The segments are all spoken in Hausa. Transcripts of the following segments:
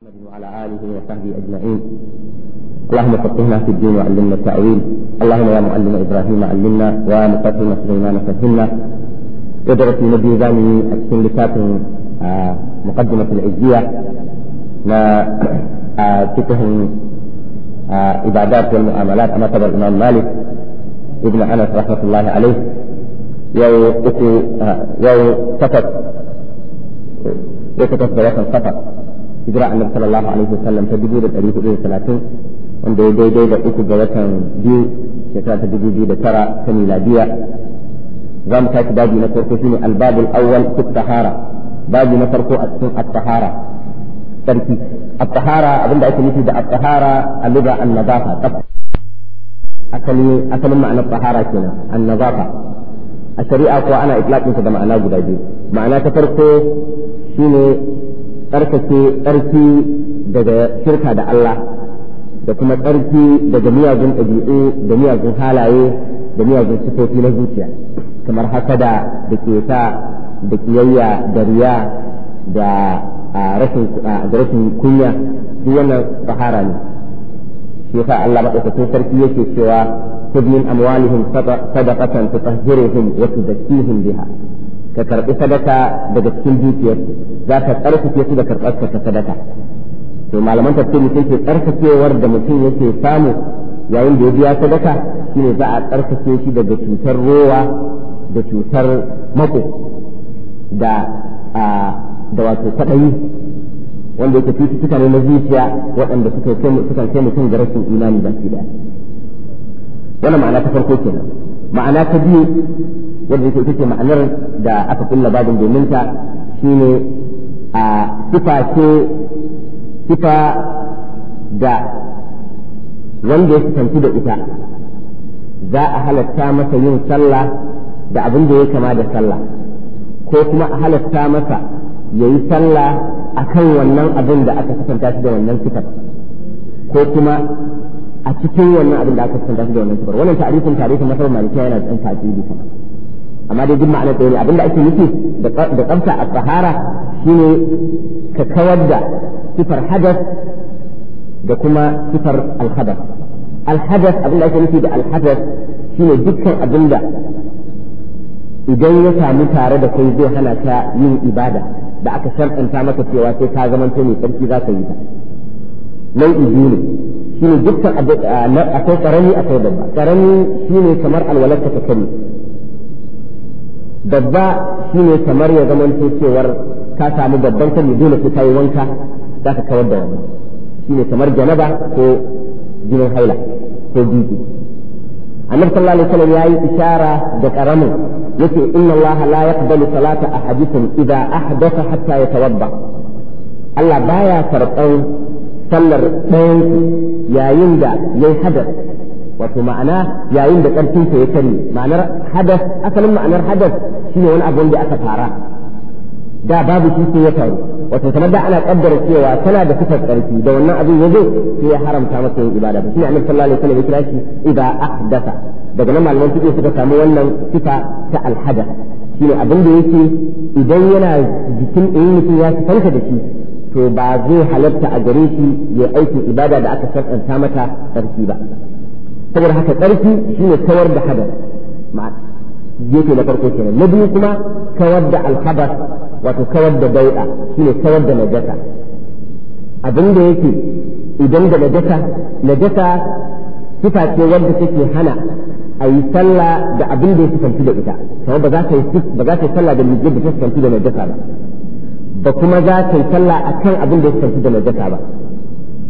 محمد وعلى آله وصحبه أجمعين اللهم فقهنا في الدين وعلمنا التأويل اللهم يا معلم إبراهيم علمنا ويا سليمان فهمنا يدرس النبي ذاني أكسن لكات آه، مقدمة العزية ما تكهن آه، العبادات آه، والمعاملات أما تبع الإمام مالك ابن أنس رحمة الله عليه يو يو تفت يو تفت بيت القطر hijira annabi sallallahu alaihi sallam ta dubu da ɗari hudu da talatin wanda ya daidai da uku ga watan biyu shekara ta dubu biyu da tara ta miladiya za mu tashi babi na farko shine albabul awwal fi tahara babi na farko a cikin at-tahara sarki at-tahara abinda ake nufi da at a lugha an-nadafa asali asalin ma'anar tahara kenan an-nadafa a shari'a ko ana itlaqin da ma'ana guda biyu ma'ana ta farko shine tsarkake tsarki daga shirka da Allah da kuma tsarki daga miyagun ɗabi'u da miyagun halaye da miyagun sifofi na zuciya kamar hasada da keta da kiyayya da riya da rashin kunya duk wannan tsahara ne shi yasa Allah madaukakin sarki yake cewa khudh min amwalihim sadaqatan tutahhiruhum wa tuzakkihim biha ka karɓi sadaka daga cikin dukiyar za ka tsarkake su da karɓar ka sadaka to malaman tafsiri sai ce tsarkakewar da mutum yake samu yayin da ya biya sadaka shine za a tsarkake shi daga cutar rowa da cutar mako da da wato kwaɗayi wanda yake cututtuka ne na zuciya waɗanda suka kai mutum ga rashin imani baki ɗaya wannan ma'ana ta farko kenan ma'ana ta biyu wanda yake ita ce ma'anar da aka kulla babin domin ta shine a sifa ce sifa da wanda ya sifanci da ita za a halatta masa yin sallah da abin da ya kama da sallah ko kuma a halatta masa ya yi sallah a kan wannan abin da aka sifanta shi da wannan sifar ko kuma a cikin wannan abin da aka sifanta shi da wannan sifar wannan ta'arifin ta'arifin masarar malikiya yana da ɗan tasiri kuma amma dai duk ma'anar ɗaya ne abinda ake nufi da tsafta a sahara shine ka kawar da sifar hadas da kuma sifar alhadas alhadas abinda ake nufi da alhadas shine dukkan abinda idan ya samu tare da kai zai hana ka yin ibada da aka sharɗanta maka cewa sai ka zamanto mai tsarki za ka yi ta nau'i biyu ne shine dukkan akwai karami akwai babba karami shine kamar alwalarka ta kani. babba shine kamar ya zama cewar ka samu babban kan dole sai kai wanka za ka kawar da wannan shine kamar janaba ko jinin haila ko bibi annabi sallallahu alaihi wasallam yayi ishara da karamin yace inna allaha la yaqbalu salata ahadikum idza ahdatha hatta yatawadda Allah baya karɓan sallar ɗayan yayin da yayi hadar wato ma'ana yayin da ƙarfin ya kare ma'anar hadas asalin ma'anar hadas shine wani abu da aka fara da babu shi sai ya faru wato kamar da ana kaddara cewa tana da sifar karfi da wannan abin ya zo sai ya haramta masa yin ibada shi ne annabi sallallahu alaihi wasallam ya kira shi idza ahdatha daga nan malaman fiqh suka samu wannan sifa ta alhada shine abin da yake idan yana jikin ɗayan mutum ya sifanta da shi to ba zai halatta a gare shi ya aikin ibada da aka sasanta mata ƙarfi ba saboda haka tsarki ne kawar da hadas gefe na farko kenan na biyu kuma kawar da alhadas wato kawar da shi ne kawar da najasa abin da yake idan da najasa najasa sifa ce wanda take hana a yi sallah da abin da ya kusanci da ita kuma ba za ka yi ba za ka yi sallah da mijin da ta kusanci da najasa ba ba kuma za ka yi sallah kan abin da ya kusanci da najasa ba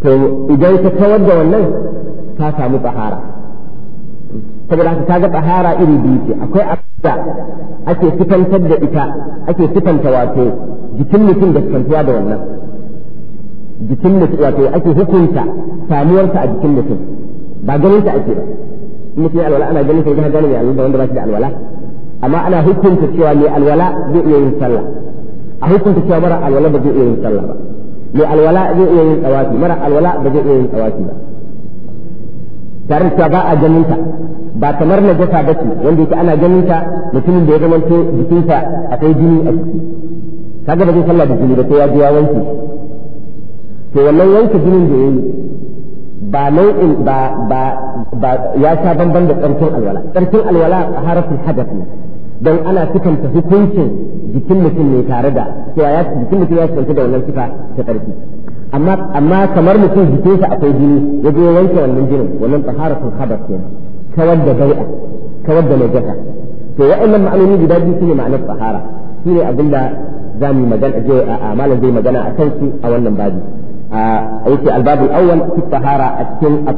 to idan ka kawar da wannan ta samu tsahara saboda haka kaga tsahara iri biyu ce akwai abinda ake sifantar da ita ake sifanta wato jikin mutum da sifantuwa da wannan jikin mutum wato ake hukunta samuwarsa a jikin mutum ba ganin ta ake ba in mutum alwala ana ganin ta ga gane mai alwala wanda ba shi da alwala amma ana hukunta cewa mai alwala zai iya yin sallah a hukunta cewa mara alwala ba zai iya yin sallah ba mai alwala zai iya yin tsawafi mara alwala ba zai iya yin tsawafi ba tare da cewa ba a ganin ta ba kamar na gasa ce wanda yake ana ganin ta mutumin da ya zama to jikinsa akwai jini a ciki ka ba zai sallah da jini ba sai ya je ya wanke to wannan wanke jinin da yayi ba nau'in ba ba ba ya sha bamban da tsarkin alwala tsarkin alwala a harafin hadafi don ana sukanta hukuncin jikin mutum ne tare da cewa jikin mutum ya sukanta da wannan sifa ta tsarki amma amma kamar mutum jikin sa akwai jini ya je wanke wannan jinin wannan taharatul khabath kenan kawar da bai'a kawar da najasa to wa'annan ma'anoni guda biyu shine ma'anar tahara shine abinda zamu magana je a malam zai magana akan su a wannan babu a yake albabul awwal fi tahara a cikin at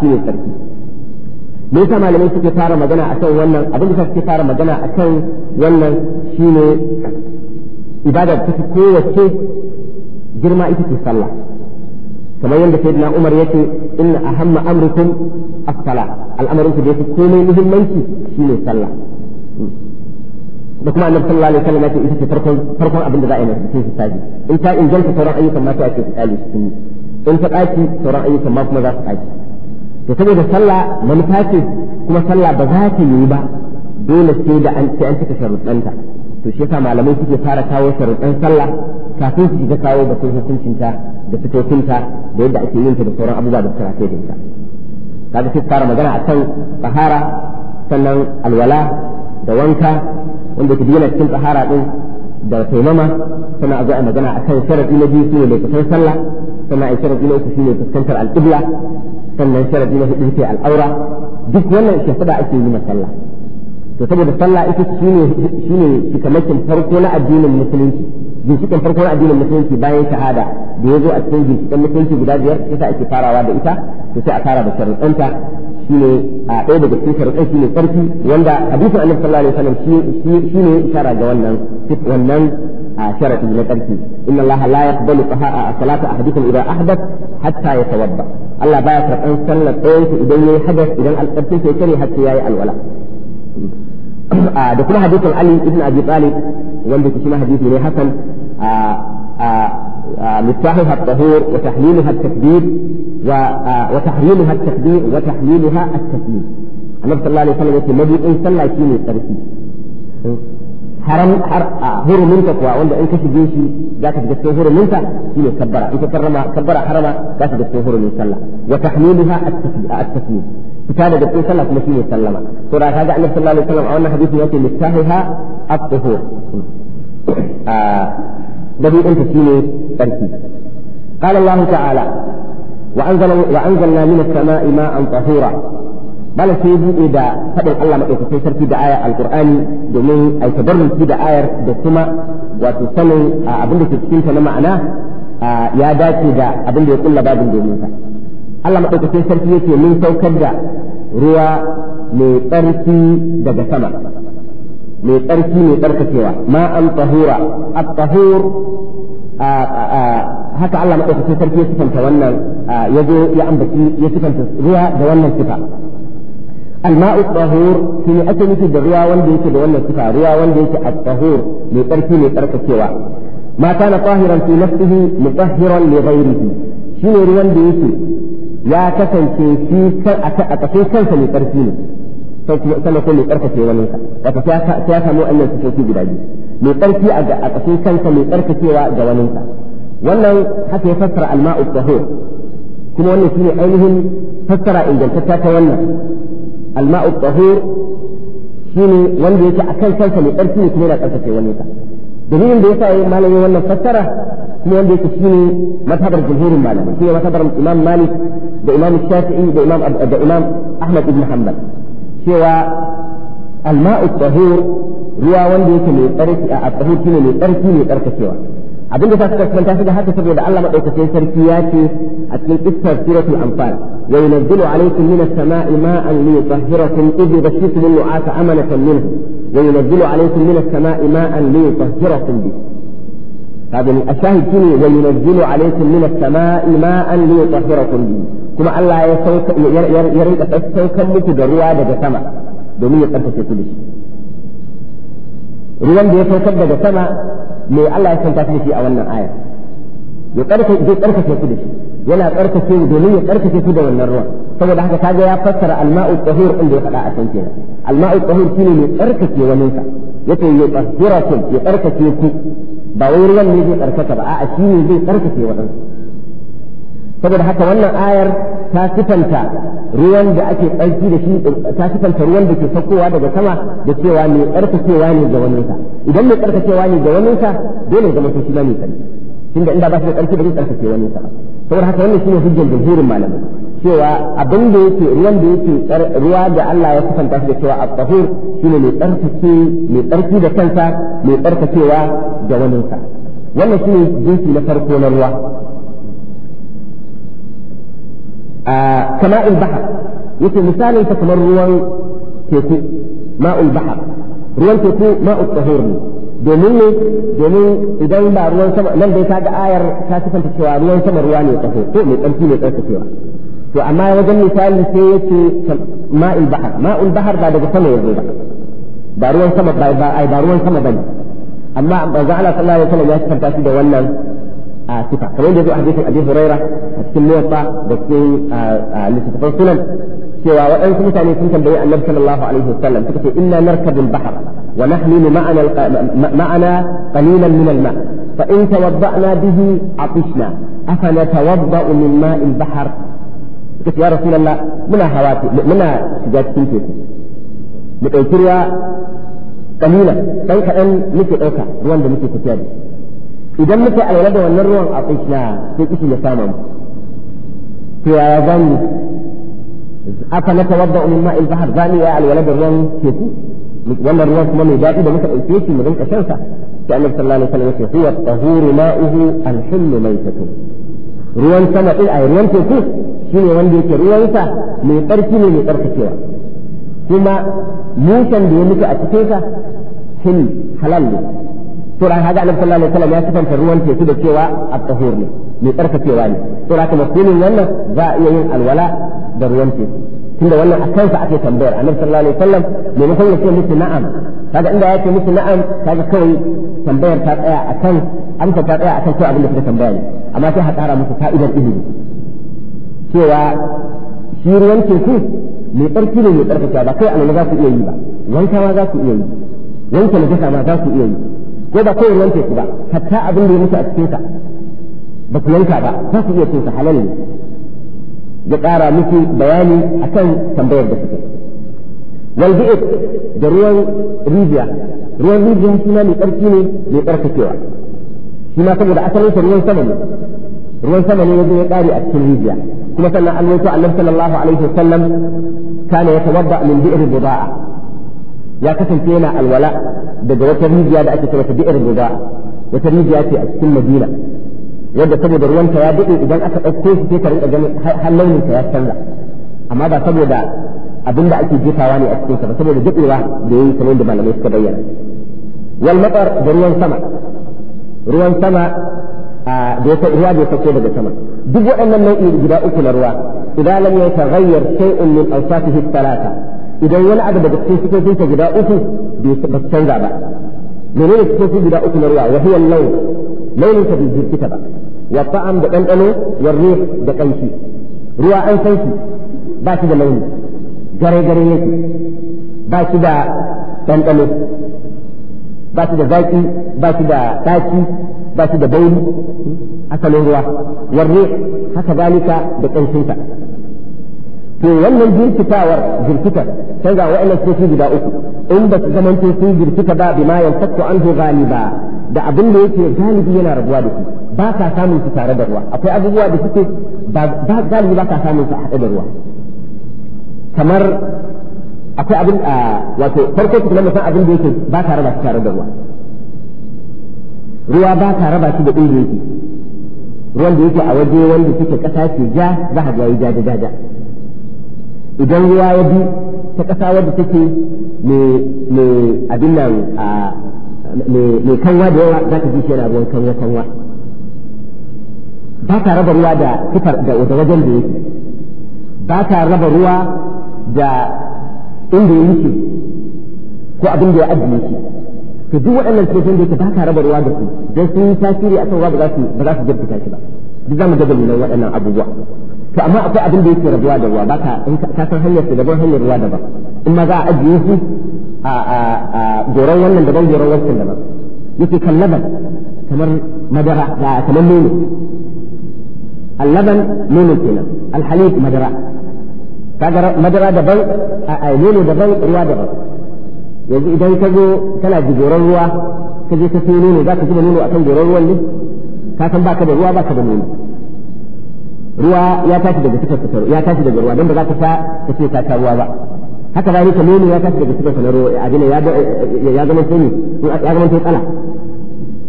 shine sarki me yasa malamai suke fara magana akan wannan abin da suke fara magana akan wannan shine ibada ta kowace girma ita ce sallah kamar yadda sayyidina Umar yace inna ahamma amrikum as asala al'amarin ku da yake komai muhimmanci shi ne sallah da kuma annabi sallallahu alaihi wasallam yace ita ce farkon farkon abin da za a yi mutum su taji in ta inganta sauran ayyukan ma sai a ce su tsali su yi in ta tsaki sauran ayyukan ma kuma za su tsaki to saboda sallah manufa ce kuma sallah ba za ta yi ba dole sai da an ce an cika sharuɗanta to shi yasa malamai suke fara kawo sharuɗan sallah kafin su shiga kawo batun hukuncinta da fitofinta da yadda ake yin ta da sauran abubuwa da suka da ita kaga sai fara magana a kan tsahara sannan alwala da wanka wanda ke yana cikin tsahara din da taimama sannan a zo a magana kan sharadi na biyu shine mai kusan sallah sannan a sharadi na uku shine fuskantar alƙibla sannan sharadi na hudu shine al'aura duk wannan shafaɗa ake yi sallah to saboda sallah ita shine shine shikamakin farko na addinin musulunci ginshiƙin farko na addinin musulunci bayan shahada da ya zo a cikin ginshiƙin musulunci guda biyar sa ake farawa da ita to sai a fara da sharuɗanta ne a ɗaya daga cikin sharuɗan ne tsarki wanda hadisin annabi sallallahu alaihi wasallam ne ishara ga wannan wannan sharaɗi na tsarki inna Allah la yaqbalu salata ahadikum idan ahdath hatta yatawadda Allah baya karɓan sallar ɗayan idan yayi hadas idan alƙarfin sai kare hatta ya yayi alwala da kuma hadisin Ali ibn Abi Talib wanda shi ma hadisi ne hasan مفتاحها الطهور وتحليلها التكبير وتحليلها التكبير وتحليلها التسليم النبي صلى الله عليه وسلم يقول الذي إن صلى شيء يسترسي haram har huruminka kuwa wanda in ka shige shi za ka shiga cikin huruminka shi ne harama za ka shiga sallah wa tahmiluha at-taslim fita daga cikin sallah kuma shi ne sallama to da kaga annabi sallallahu a dabi'un shine tsarki qala Allah ta'ala wa anzala wa anzalna minas sama'i ma'an tahura bala sai buɗe da haɗin Allah maɗaukakin sarki da ayar alƙur'ani domin a tabarruki da ayar da kuma wato sanin abin ke cikin ta na ma'ana ya dace da abinda ya kulla babin domin ka Allah maɗaukakin sarki yake min saukar da ruwa mai tsarki daga sama mai ƙarfi mai ɗarkakewa ma an tahura at-tahur haka Allah maɗaukaki sarki ya sifanta wannan ya zo ya ambaci ya sifanta ruwa da wannan sifa al-ma'u tahur ne ake nufi da ruwa wanda yake da wannan sifa ruwa wanda yake at-tahur mai ƙarfi mai ɗarkakewa ma kana tahiran fi nafsihi mutahhiran li ghayrihi ne ruwan da yake ya kasance shi a ƙarƙashin kansa mai ƙarfi sai kuma sama sai mai tsarkake wani ka wato sai ya samu annan sifofi guda biyu mai tsarki a ƙasin kansa mai tsarkakewa ga wani ka wannan haka ya fassara alma'u tahur kuma wannan shine ainihin fassara ingantacciya ta wannan alma'u tahur shine wanda yake akan kansa mai tsarki ne kuma yana tsarkake wani ka dalilin da yasa yayin malamin wannan fassara kuma wanda yake shine mazhabar jumhurin malamai shine mazhabar imam malik da imam shafi'i da imam da imam ahmad ibn hanbal cewa alma'u tahur ruwa wanda yake mai tsarki a tahur shine mai tsarki mai tsarkakewa abin da suka kwanta shi da haka saboda Allah madaukakin sarki ya ce a cikin iskar suratul anfal wa yunzilu alaykum minas sama'i ma'an liyutahhirakum idh bashirtum nu'asa amanatan minhu wa yunzilu alaykum minas sama'i ma'an liyutahhirakum bihi هذا الشاهد شنو وينزل عليكم من السماء ماء ليطهركم به kuma Allah ya sauka ya rinka saukan muku da ruwa daga sama domin ya tsarkake ku da shi ruwan da ya saukar daga sama me Allah ya santa shi a wannan aya ya tsarkake zai tsarkake ku da shi yana tsarkake domin ya tsarkake ku da wannan ruwan saboda haka kaga ya fassara alma'u tahur inda ya faɗa a can kenan alma'u tahur shine mai tsarkake wani ka yace ya tsarkake ya tsarkake ku ba wai ruwan ne zai tsarkaka ba a'a shine zai tsarkake wadansu saboda haka wannan ayar ta sifanta ruwan da ake tsarki da shi ta sifanta ruwan da ke saukowa daga sama da cewa mai tsarkakewa ne ga waninsa idan mai tsarkakewa ne ga waninsa dole zama to shi ma mai tsarki tunda inda ba shi da tsarki ba zai tsarkake waninsa ba saboda haka wannan shine hujjar jumhurin malamai cewa abin da yake ruwan da yake ruwa da Allah ya sifanta shi da cewa at-tahur shine mai tsarkake mai tsarki da kansa mai tsarkakewa ga waninsa wannan shine jinsi na farko na ruwa kama'ul bahar yake misalin ta kamar ruwan teku ma'ul bahar ruwan teku ma'ul tahur ne domin ne domin idan ba ruwan sama nan dai ta ga ayar ta sifanta cewa ruwan sama ruwa ne taho ko mai tsarki ne tsarkakewa to amma wajen misali sai yake ma'ul bahar ma'ul bahar ba daga sama yanzu ba ba ruwan sama ba ba ba ruwan sama bane amma manzo Allah sallallahu alaihi wasallam ya sifanta shi da wannan sifa kamar da zo a hadisin Abi Hurairah a cikin muwatta da cikin littattafan sunan cewa waɗansu mutane sun tambayi Annabi sallallahu alaihi wasallam suka ce inna narkabul bahr wa nahmilu ma'ana ma'ana qalilan min al-ma fa in tawadda'na bihi atishna afa natawadda'u min ma'il bahr suka ya rasulullah muna hawa muna shiga cikin teku mu ɗauki ruwa kalila dan kaɗan muke ɗauka ruwan da muke tafiya idan muka aure da wannan ruwan a tsina sai kishi ya samu to ya zamu aka na tawadda min ma'il bahar zamu ya alwala da ruwan teku wannan ruwan kuma mai daɗi da muka ɗauke shi mu rinka shan sa sai annabi sallallahu alaihi wasallam ya ce huwa tahuru ma'uhu al-hullu maitatu ruwan sama din a ruwan teku shine wanda yake ruwansa mai tsarki ne mai tsarkakewa kuma mushen da ya mutu a cikin sa hin halal ne sura haga annabi sallallahu alaihi wasallam ya sifanta ruwan teku da cewa at-tahur ne mai tsarkakewa ne sura kuma sunan wannan za a iya yin alwala da ruwan teku tunda wannan a kansa ake tambayar annabi sallallahu alaihi wasallam me mutum ya ce musu na'am kaga inda yake miki musu na'am kaga kawai tambayar ta tsaya akan amsa ta tsaya akan ko abin da kuka tambaya ne amma sai ha tsara muku fa'idar ilimi cewa shi ruwan teku mai tsarki ne mai tsarkakewa ba kai alwala za ku iya yi ba wanka ma za ku iya yi wanka wanke najasa ma za ku iya yi ko ba kawai ruwan teku ba hatta abin da ya mutu a cikin sa ba ku yanka ba za ku iya cin sa halal ne ya ƙara musu bayani akan tambayar da suke wal da ruwan rijiya ruwan rijiya shi ma mai ƙarfi ne mai ƙarfakewa shi ma saboda asalin sa ruwan sama ne ruwan sama ne yanzu ya ƙare a cikin rijiya kuma sannan an wato annabi sallallahu alaihi wasallam kana yatawadda min bi'ir buda'a ya kasance yana alwala daga wata rijiya da ake cewa bi'ir guda wata rijiya ce a cikin madina yadda saboda ruwanta ya daɗe idan aka ɗauko shi sai ka rinka ganin har launinsa ya canza amma ba saboda abin da ake jefawa ne a cikin sa ba saboda daɗewa da yayi kamar da malamai suka bayyana wal matar da ruwan sama ruwan sama da ya ruwa da ya daga sama duk waɗannan nau'in guda uku na ruwa idan lam ghayyar shay'un min awsafihi thalatha idan wani abu daga cikin sifofinsa guda uku bai canza ba menene sifofin guda uku na ruwa wa huwa laun launin ta bai jirkita ba wa ta'am da ɗanɗano wa ruh da ƙanshi ruwa an san shi ba shi da launi gare gare yake ba shi da ɗanɗano ba shi da zaƙi ba shi da ɗaki ba shi da bauli asalin ruwa wa ruh haka zalika da ƙanshinsa to wannan jirkitawar jirkita sai ga wa'annan sun guda uku in ba su zamanto sun jirkita ba bima yantakku anhu ba da abin da yake galibi yana rabuwa da su ba ka samun su tare da ruwa akwai abubuwa da suke ba galibi ba ka samun su a haɗe da ruwa kamar akwai abin a wato farko kuma san abin da yake ba ka raba su tare da ruwa ruwa ba ka raba su da ɗin yake ruwan da yake a waje wanda suke ƙasa ce ja za ka ga yi ja da ja idan ruwa ya bi ta ƙasa wadda take mai abin nan mai kanwa da yawa za ka ji shi yana ruwan kanwa kanwa ba ta raba ruwa da sifar da wajen da yake ba ta raba ruwa da inda ya yake ko abin da ya ajiye shi to duk waɗannan sifofin da yake ba ta raba ruwa da su don sun yi tasiri kan ruwa ba za su jirkita shi ba duk za mu ga dalilan waɗannan abubuwa to amma akwai abin da yake rabuwa da ruwa ba ka ka san hanyar su daban hanyar ruwa daban in ma za a ajiye su a a goron wannan daban goron wancan daban yake kan laban kamar madara da kamar nono allaban nono kenan alhalib madara kaga madara daban a nono daban ruwa daban yanzu idan ka zo kana jigoron ruwa ka je ka sayo nono za ka zuba nono akan goron ruwan ne ka san ka da ruwa ka da nono ruwa ya tashi daga sifar sa ya tashi daga ruwa don ba za ka sa ka ce ka ruwa ba haka ba ka nono ya tashi daga sifar sa na ruwa ya ya zama sai ya zama sai tsala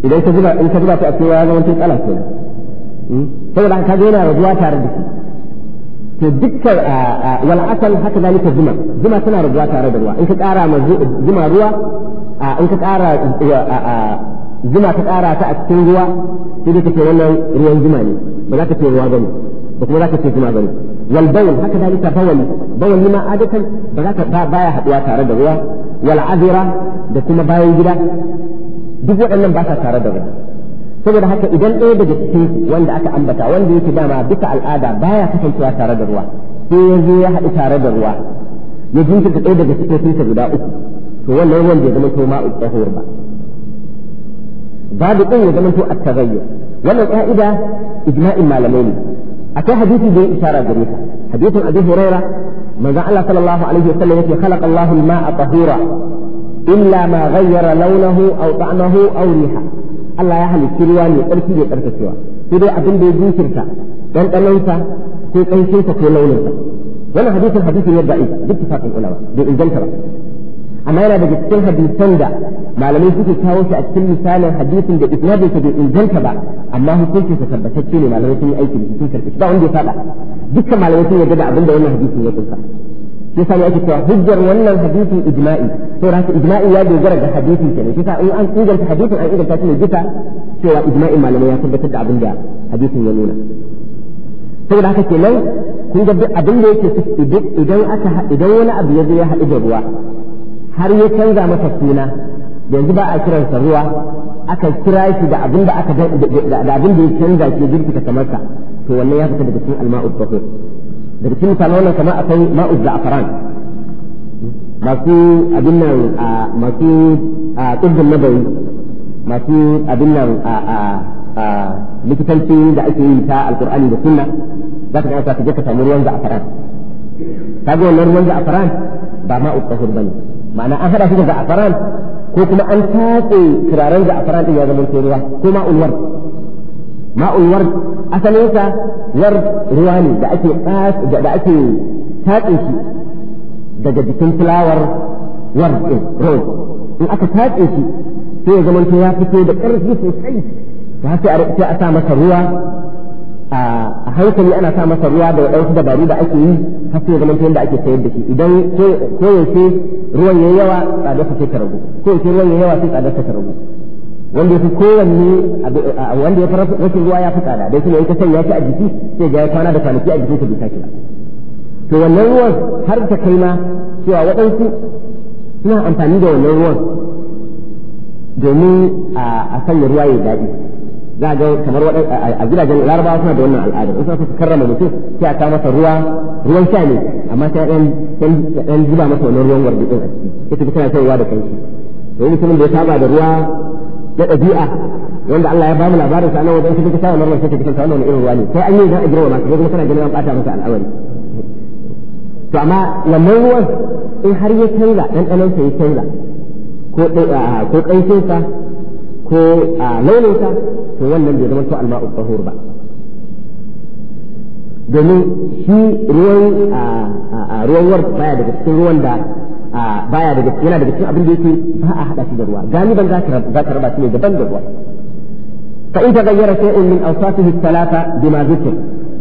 idan ka zuba in ka zuba ta a cewa ya zama sai tsala kenan saboda ka ga yana rabuwa tare da shi to dukkan wal asal haka zalika zuma zuma tana rabuwa tare da ruwa in ka kara ma zuma ruwa in ka kara zuma ka kara ta a cikin ruwa sai dai kace wannan ruwan zuma ne ba za ka ce ruwa bane da kuma za ka ce jima bane wal bawl haka dalika bawali bawali ma adatan ba za ka baya haduwa tare da ruwa wal azira da kuma bayan gida duk waɗannan ba sa tare da ruwa saboda haka idan ɗaya daga cikin wanda aka ambata wanda yake dama bisa al'ada baya kasancewa tare da ruwa sai ya zo ya haɗu tare da ruwa ya jinkirta ɗaya daga cikin guda uku to wannan ruwan bai zama to ma'u tsahur ba babu ɗin ya zama to at-taghayyur wannan ka'ida ijma'in malamai ne akwai hadisi da ya isara gare ka hadisin abi huraira manzon Allah sallallahu alaihi wasallam yake khalaqa Allahu al-ma'a tahura illa ma ghayyara launahu aw ta'amahu aw riha ya halicci ruwa ne tsarki da tsarkakewa sai dai abin da ya jinkirta ɗanɗanonsa ko ƙanshinsa ko launinsa wannan hadisin hadisin yadda duk bai inganta ba amma yana daga cikin hadisan da malamai suke kawo shi a cikin misalin hadisin da isnadin sa bai inganta ba amma hukuncin sa tabbatacce ne malamai sun yi aiki da sun karbi ba wanda ya fada duka malamai sun yarda da abin da wannan hadisin ya kunsa shi yasa ne ake cewa hujjar wannan hadisin ijma'i to haka ijma'i ya dogara ga hadisin kenan shi yasa in an inganta hadisin an inganta shi ne bisa cewa ijma'in malamai ya tabbatar da abin da hadisin ya nuna saboda haka kenan kun ga duk abin da yake idan aka idan wani abu ya zo ya haɗu da ruwa har ya canza masa suna yanzu ba a kiransa ruwa aka kira shi da abin da aka da abin da ya canza shi jirkita kamarsa to wannan ya fita daga cikin alma'ud tahur daga cikin misalan wannan kamar akwai ma'ud za'afaran masu abin nan masu tsirgin nabawi masu abin nan likitanci da ake yi ta alkur'ani da sunna za ka ga ka je ka samu ruwan za'afaran kaga wannan ruwan za'afaran ba ma'ud tahur bane ma'ana an hada shi da za'afaran ko kuma an tatse turaren zafaran ɗin ya zama ruwa ko ma'ul ward ma'ul ruwa ne da ake da ake tatse shi daga jikin fulawar ward ɗin rose in aka tatse shi sai ya zama ya fito da ƙarfi sosai ta sai a sa masa ruwa a hankali ana sa masa ruwa da waɗansu dabaru da ake yi har sai zaman yadda ake sayar da shi idan ko yaushe ruwan yayi yawa tsadarsa sai ta rago ko yaushe ruwan yayi yawa sai tsadarsa ta rago wanda ya fi kowanne wanda ya fara rashin ruwa ya fi tsada dai kuma ita sanya shi a jiki sai ga ya kwana da kwanaki a jiki ta bisa kila to wannan ruwan har ta kai ma cewa waɗansu suna amfani da wannan ruwan domin a sanya ruwa ya daɗi za ga kamar a gidajen larabawa suna da wannan al'adar in suka karrama mutum sai a kawo masa ruwa ruwan sha ne amma sai ɗan ɗan zuba masa wannan ruwan wardi din a ciki ita tana shan ruwa da kanshi to mutumin da ya saba da ruwa na ɗabi'a wanda Allah ya ba mu labarin sa nan wajen shi duka shawar wannan sai ka kanta wannan irin ruwa ne sai an yi za a girma masa kuma kana ganin an ɓata masa al'awari to amma wannan ruwan in har ya canza ɗanɗanonsa ya canza ko ko ƙanshinsa ko a launinsa to wannan bai zama to alma'u tsahur ba domin shi ruwan a ruwan war baya daga cikin ruwan da baya daga yana daga cikin abin da yake ba a hada shi da ruwa galiban za ka raba shi ne daban da ruwa fa in tagayyara shay'un min awsafihi thalatha bima zikr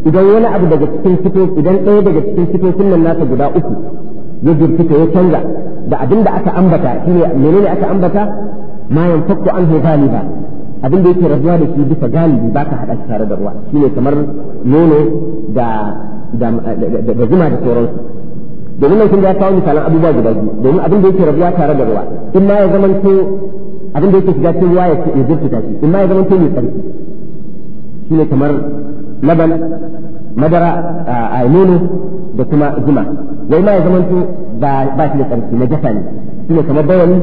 idan wani abu daga cikin sifofin idan ɗaya daga cikin sifofin nan nasa guda uku ya jirkita ya canza da abin da aka ambata shine menene aka ambata ma yantakku anhu galiba abin da yake rabuwa da shi bisa galibi ba ka haɗa shi tare da ruwa shine kamar nono da da zuma da sauransu domin nan kun ga kawo misalan abubuwa guda biyu domin abin da yake rabuwa tare da ruwa in ma ya zama to abin da yake shiga cikin ruwa ya ya ta shi in ma ya zama to mai tsarki shine kamar laban madara a nono da kuma zuma wai ma ya zama to ba shi da tsarki na jafa ne shine kamar bawani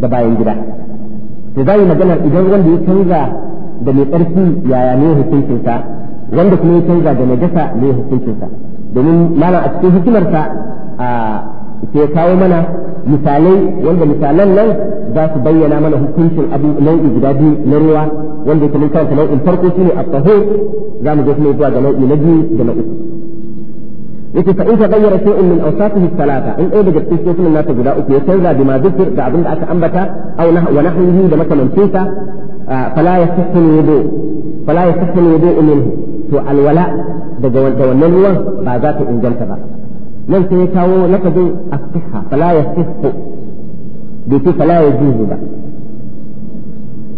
da bayan gida to za yi magana idan wanda ya canza da mai ƙarfi yaya ne hukuncinsa wanda kuma ya canza da mai gasa ne hukuncinsa domin mana a cikin hikimarsa a ke kawo mana misalai wanda misalan nan za su bayyana mana hukuncin abu nau'i guda biyu na ruwa wanda kuma kanta nau'in farko shine a tahur za mu je kuma zuwa ga nau'i na biyu da na uku yake fa in tagayyara shay'un min awsafihi thalatha in ɗaya daga cikin sunan nasa guda uku ya canza da mazikir da abin da aka ambata aw wa nahwihi da makamancin sa fala yasihhu wudu fala yasihhu wudu minhu to alwala daga wannan ruwan ba za ta inganta ba nan sai ya kawo lafazin as-sihha fala yasihhu bai ce fala yajuzu ba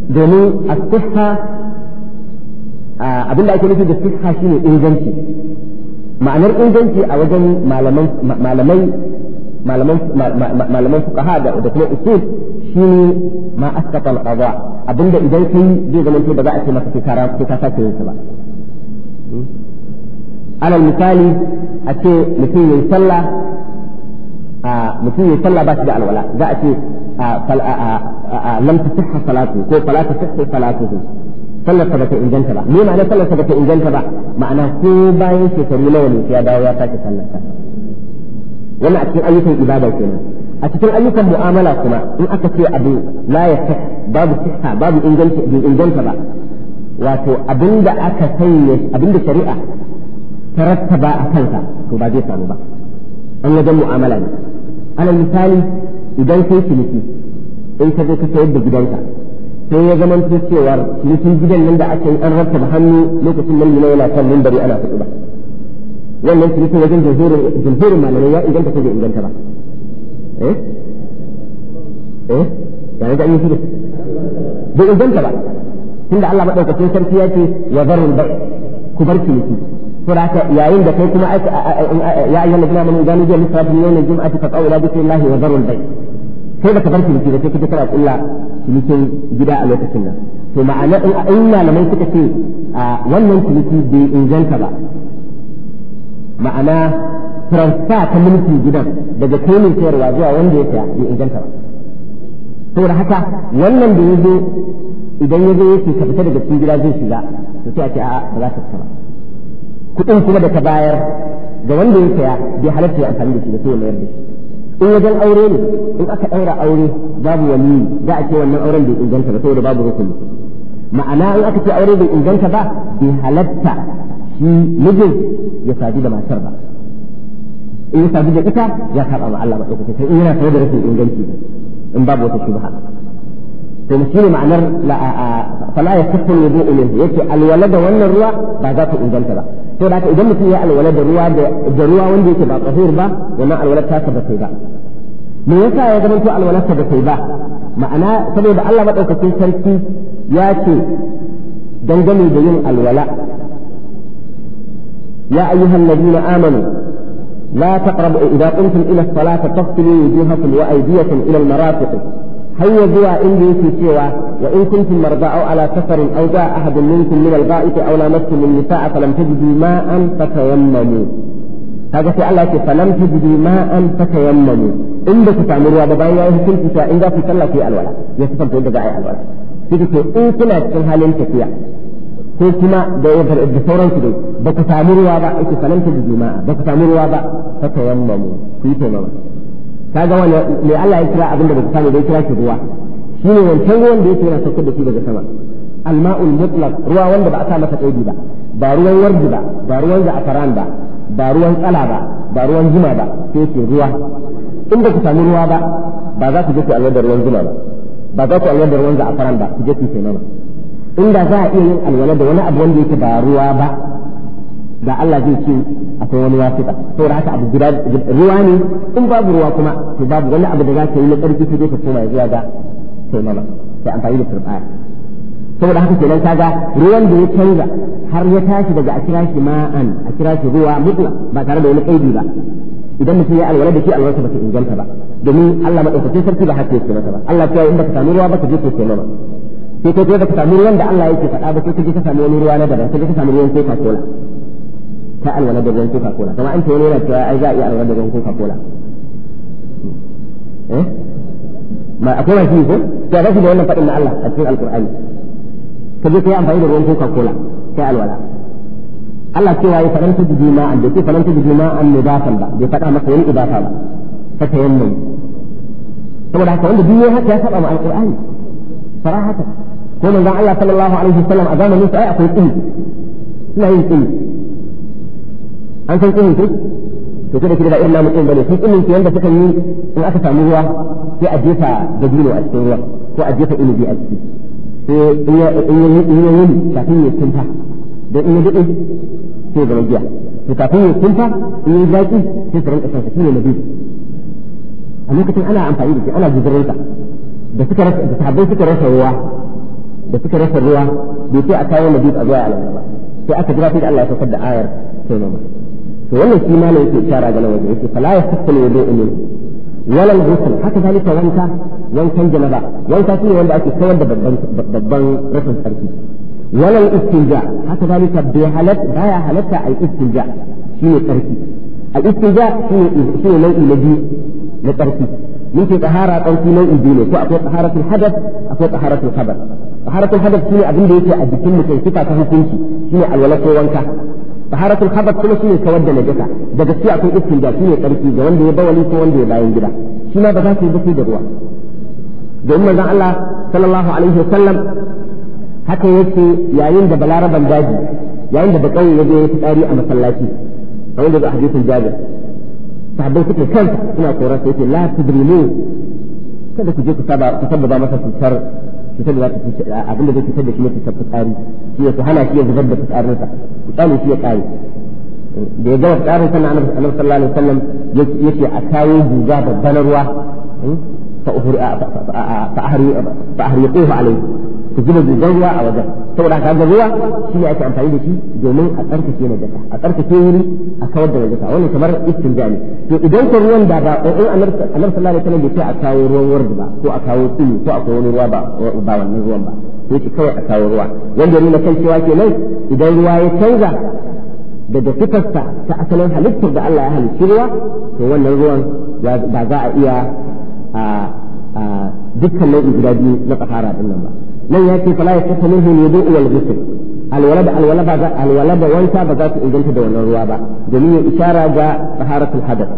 domin as-sihha abin da ake nufi da sihha shine inganci ma'anar inganci a wajen malamai malaman fuqaha da kuma usul ne ma asqata al abinda idan kai zai zama ba za a ce masu kara ko ka sake yin ba alal misali a ce mutum yayi sallah a mutum yayi sallah ba shi da alwala za a ce lamta tasihha salatu ko falata tasihha salatu sallarsa ba ta inganta ba me ma'ana sallarsa ba ta inganta ba ma'ana ko bayan shekaru nawa ne ya dawo ya sake sallarsa wannan a cikin ayyukan ibada kenan a cikin ayyukan mu'amala kuma in aka ce abu la ya babu sihha babu inganta inganta ba wato abinda aka sanya abinda shari'a ta rattaba a kansa to ba zai samu ba an wajen mu'amala ne alal misali idan kai ciniki in ka zo ka sayar da gidanka sai ya zama ta cewar nufin gidan nan da aka yi an rarraba hannu lokacin nan ne yana kan mimbari ana fito ba wannan cinikin wajen jinjirin malamai ya inganta ko bai inganta ba eh eh ya ga an yi shi bai inganta ba tunda Allah madaukakin sarki ya ce ya zarul bai ku bar ciniki saboda yayin da kai kuma ya ayyana gina mana gani da lissafin yau na jum'a ta qawla bi Allah ya zarul bai kai ba ka bar ki ciniki da kai kike kana kullu cinikin gida a lokacin nan to ma'ana in a in malamai suka ce a wannan ciniki bai inganta ba ma'ana transfer ta mulkin gidan daga kai sayarwa zuwa wanda ya saya bai inganta ba to da haka wannan da ya zo idan ya zo yake ka fita daga cikin gida zai shiga to sai a ce a'a ba za ka fita ba kuɗin kuma da ka bayar ga wanda ya saya bai halarta ya amfani da shi da sai ya mayar da shi in wajen aure ne in aka ɗaura aure babu wani za a ce wannan auren bai inganta ba saboda babu rukuni ma'ana in aka ce aure bai inganta ba bai halatta shi mijin ya sadu da matar ba in ya sadu da ita ya saba ma Allah madaukakin sai in yana tare da rashin inganci in babu wata shubha to ne ma'anar fala yasihhu al-wudu minhu yace alwala da wannan ruwa ba za ta inganta ba to da ka idan mutum ya alwala da ruwa da ruwa wanda yake ba tsahir ba wannan alwala ta ba kai ba me yasa ya zama to alwala ta ba sai ba ma'ana saboda Allah madaukakin sarki ya ce dangane da yin alwala ya ayyuhan ladina amanu la taqrabu idza qumtum ila as-salati faghsilu wujuhakum wa aydiyakum ila al-marafiq har ya zuwa inda yake cewa wa in kuntum marda aw ala safarin aw jaa ahadun minkum min al-ba'id aw lamastum an-nisaa falam tajidu ma'an fatayammamu kaga sai Allah yake falam tajidu ma'an fatayammamu in ba ku samu ruwa ba bayan yayi hukunci cewa in za ku sallah ku yi alwala ya sifanta yadda za a yi alwala sai ce in kuna cikin halin tafiya ko kuma da ya da sauran su dai ba ku ba ba ku ba kaga wani mai Allah ya kira abinda ba baka sani kira shi ruwa shine wancan ruwan da yake yana saukar da shi daga sama alma'ul mutlaq ruwa wanda ba a sa masa kaidi ba ba ruwan wardi ba ba ruwan za'afaran ba ba ruwan tsala ba ba ruwan zuma ba sai ce ruwa in ba ku samu ruwa ba ba za ku je ku alwada ruwan zuma ba ba za ku alwadar ruwan za'afaran ba ku je ku sai nama inda za a iya yin alwala da wani abu wanda yake ba ruwa ba da Allah zai ce akwai wani wasiƙa da haka abu guda ruwa ne in babu ruwa kuma to babu wani abu da za ka yi na ƙarfi sai dai ka koma zuwa ga sai mama sai amfani da turbaya saboda haka kenan kaga ruwan da ya canza har ya tashi daga a kira shi ma'an a kira shi ruwa mutla ba tare da wani kaidi ba idan mutum ya alwala da shi alwalarsa ba ta inganta ba domin Allah madaukakin sarki ba haka yake mata ba Allah ya yi in baka samu ruwa ba ka je ka sai mama sai kai ka samu ruwan da Allah yake faɗa ba sai ka je ka samu wani ruwa na daban sai ka samu ruwan sai ka kola ta alwala da ruwan coca cola kamar an ta wani yana cewa ai za a iya alwala da ruwan coca cola eh ma akwai wani ko ya rashi da wannan faɗin na Allah a cikin alkur'ani ka je ka yi amfani da ruwan coca cola kai alwala Allah cewa ya faranta bijima an da ke faranta bijima an mudafan ba bai faɗa maka wani idafa ba ta tayammum saboda haka wanda biyu ya haka ya saba ma fara sarahata ko manzon Allah sallallahu alaihi wasallam a zamanin sa ai akwai kin suna yin kin an san kunin kai to kada kida da irin namu din bane shi kunin kai yanda suka yi in aka samu ruwa sai a da dabino a cikin ruwa ko a jefa inibi a ciki sai in ya in ya yi kafin ya tunta da in ya dade sai zama giya to kafin ya tunta in ya zaki sai su rinka sanka shine nabi a lokacin ana amfani da shi ana guzurinsa da suka rasa da sahabbai suka rasa ruwa da suka rasa ruwa bai sai a kawo nabi a zuwa alama ba sai aka jira sai da Allah ya saukar da ayar sai noma to wannan shi malam yake ishara ga wajen yake fala ya hakku ne da ilmi wala al-ghusl haka zalika wanka wankan janaba wanka shine wanda ake kawar da babban babban rashin sarki wala al-istinja haka zalika bi halat baya halatta al-istinja shine tsarki al-istinja shine shine nau'i na biyu na tsarki sarki yake tahara sarki nau'i biyu ne ko akwai taharatul hadath akwai taharatul khabar taharatul hadath shine abin da yake a jikin mutum sifa ta hukunci shine alwala ko wanka taharatul khabar kuma shine kawar da najasa da gaskiya akwai istinja shine tsarki ga wanda ya bawali ko wanda ya bayan gida shi ma ba za su yi da ruwa domin manzon Allah sallallahu alaihi wasallam haka yake yayin da balaraban daji yayin da bakawai ya je ya fitsari a masallaci a wanda da hadisin jabir sahabbai suke kansa suna koran sai yake la tudrimu kada ku je ku saba ku masa cutar cutar da za ta cutar abin da zai cutar da shi ne cutar fitsari shi ya hana shi ya zubar da fitsarinsa fitsari shi ya kare da ya gama fitsarin sannan annabi sallallahu alaihi wasallam ce a kawo guga babban ruwa hmm, fa ahriquhu alaihi ku zuba zuban ruwa a wajen saboda haka ga ruwa shi ne ake amfani da shi domin a tsarkake najasa a tsarkake wuri a kawar da najasa wannan kamar istinja jami to idan ko ruwan da ba in annabi sallallahu alaihi wasallam ya ce a kawo ruwan wardi ba ko a kawo tsimi ko a kawo ruwa ba ba wannan ruwan ba to ce kawai a kawo ruwa wanda na kan cewa kenan idan ruwa ya canza daga fitarsa ta asalin halittar da Allah ya halicci ruwa to wannan ruwan ba za a iya a dukkan nau'in guda biyu na tsakara din nan ba من يأتي فلا يصح منه الوضوء والغسل الولد الولد هذا الولد وانت بذات الجنت دون الرواب جميع إشارة جاء طهارة الحدث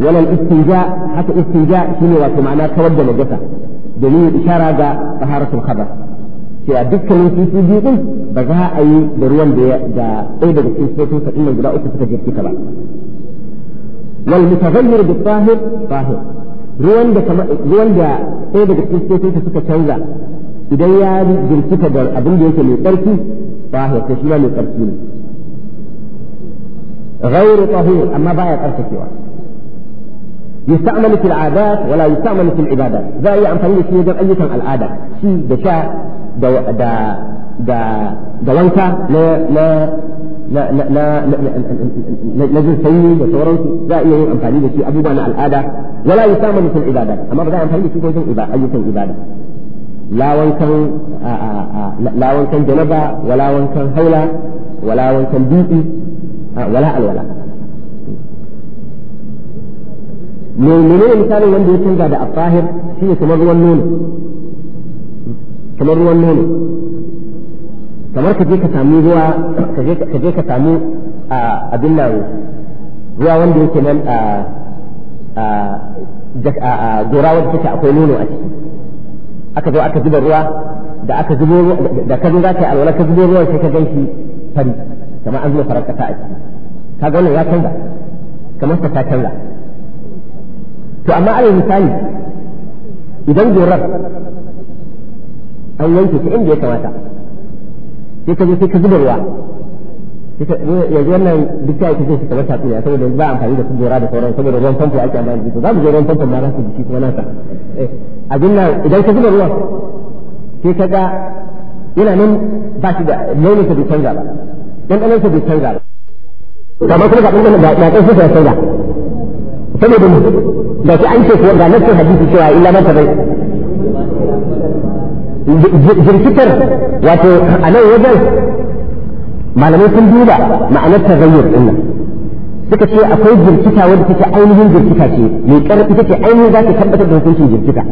ولا الاستنجاء حتى الاستنجاء شنو معنى تودى نجسة جميع إشارة جاء طهارة الخبث في أدك من في سجيد بذها أي دروان بي جاء أيضا الاستنجاء فإن الجراء أكتفت جرتك والمتغير بالطاهر طاهر, طاهر. ruwan da ruwan da sai daga cikin suka canza idan ya jirkita da abin da yake mai tsarki ba ya ta shi mai tsarki ne غير طهور أما باية أرتكوا يستعمل في العادات ولا يستعمل في العبادات ذا يعمل في يجب أي كان العادة شيء دشاء دا دا دا, دا وانكا لا لا na na da sauransu za a iya yin amfani da shi abubuwa na al'ada wala yusamanu fil ibada amma ba za a amfani da shi wajen ibada ayyukan ibada la wankan la wankan janaba wala wankan haila wala wankan dutse wala alwala me menene misalin wanda ya canza da afahir shi kamar ruwan kamar ruwan nono kamar ka je ka samu ruwa ka je ka samu abin nan ruwa wanda yake nan a gora wanda take akwai nono a ciki aka zo aka zuba ruwa da aka zubo da ka zo za ka yi alwala ka zubo ruwa sai ka gan shi fari kamar an zuba farar kasa a ciki ka ga wannan ya canza kamar ta canza to amma alal misali idan gorar an yanke ta inda ya kamata sai ka zo sai ka zuba ruwa yanzu wannan duk ta ita zai kamar tatsuniya saboda ba amfani da kujera da sauran saboda ruwan famfo ake amfani da su za mu je ruwan famfo ma za su jiki kuma nasa eh, abin nan idan ka zuba ruwan sai ka ga yana nan ba shi da launin sa bai canza ba dan ɗanan sa bai canza ba kamar kuma ga ɗan da na ƙarfi sai canza saboda mu da shi an ce ko ga nan hadisi cewa illa man tabai jirkitar wato a nan wajen malamai sun duba ma'anar tarayyar ɗin nan suka ce akwai jirkita wadda take ainihin jirkita ce mai ƙarfi ita ce ainihin za ta tabbatar da hukuncin jirkita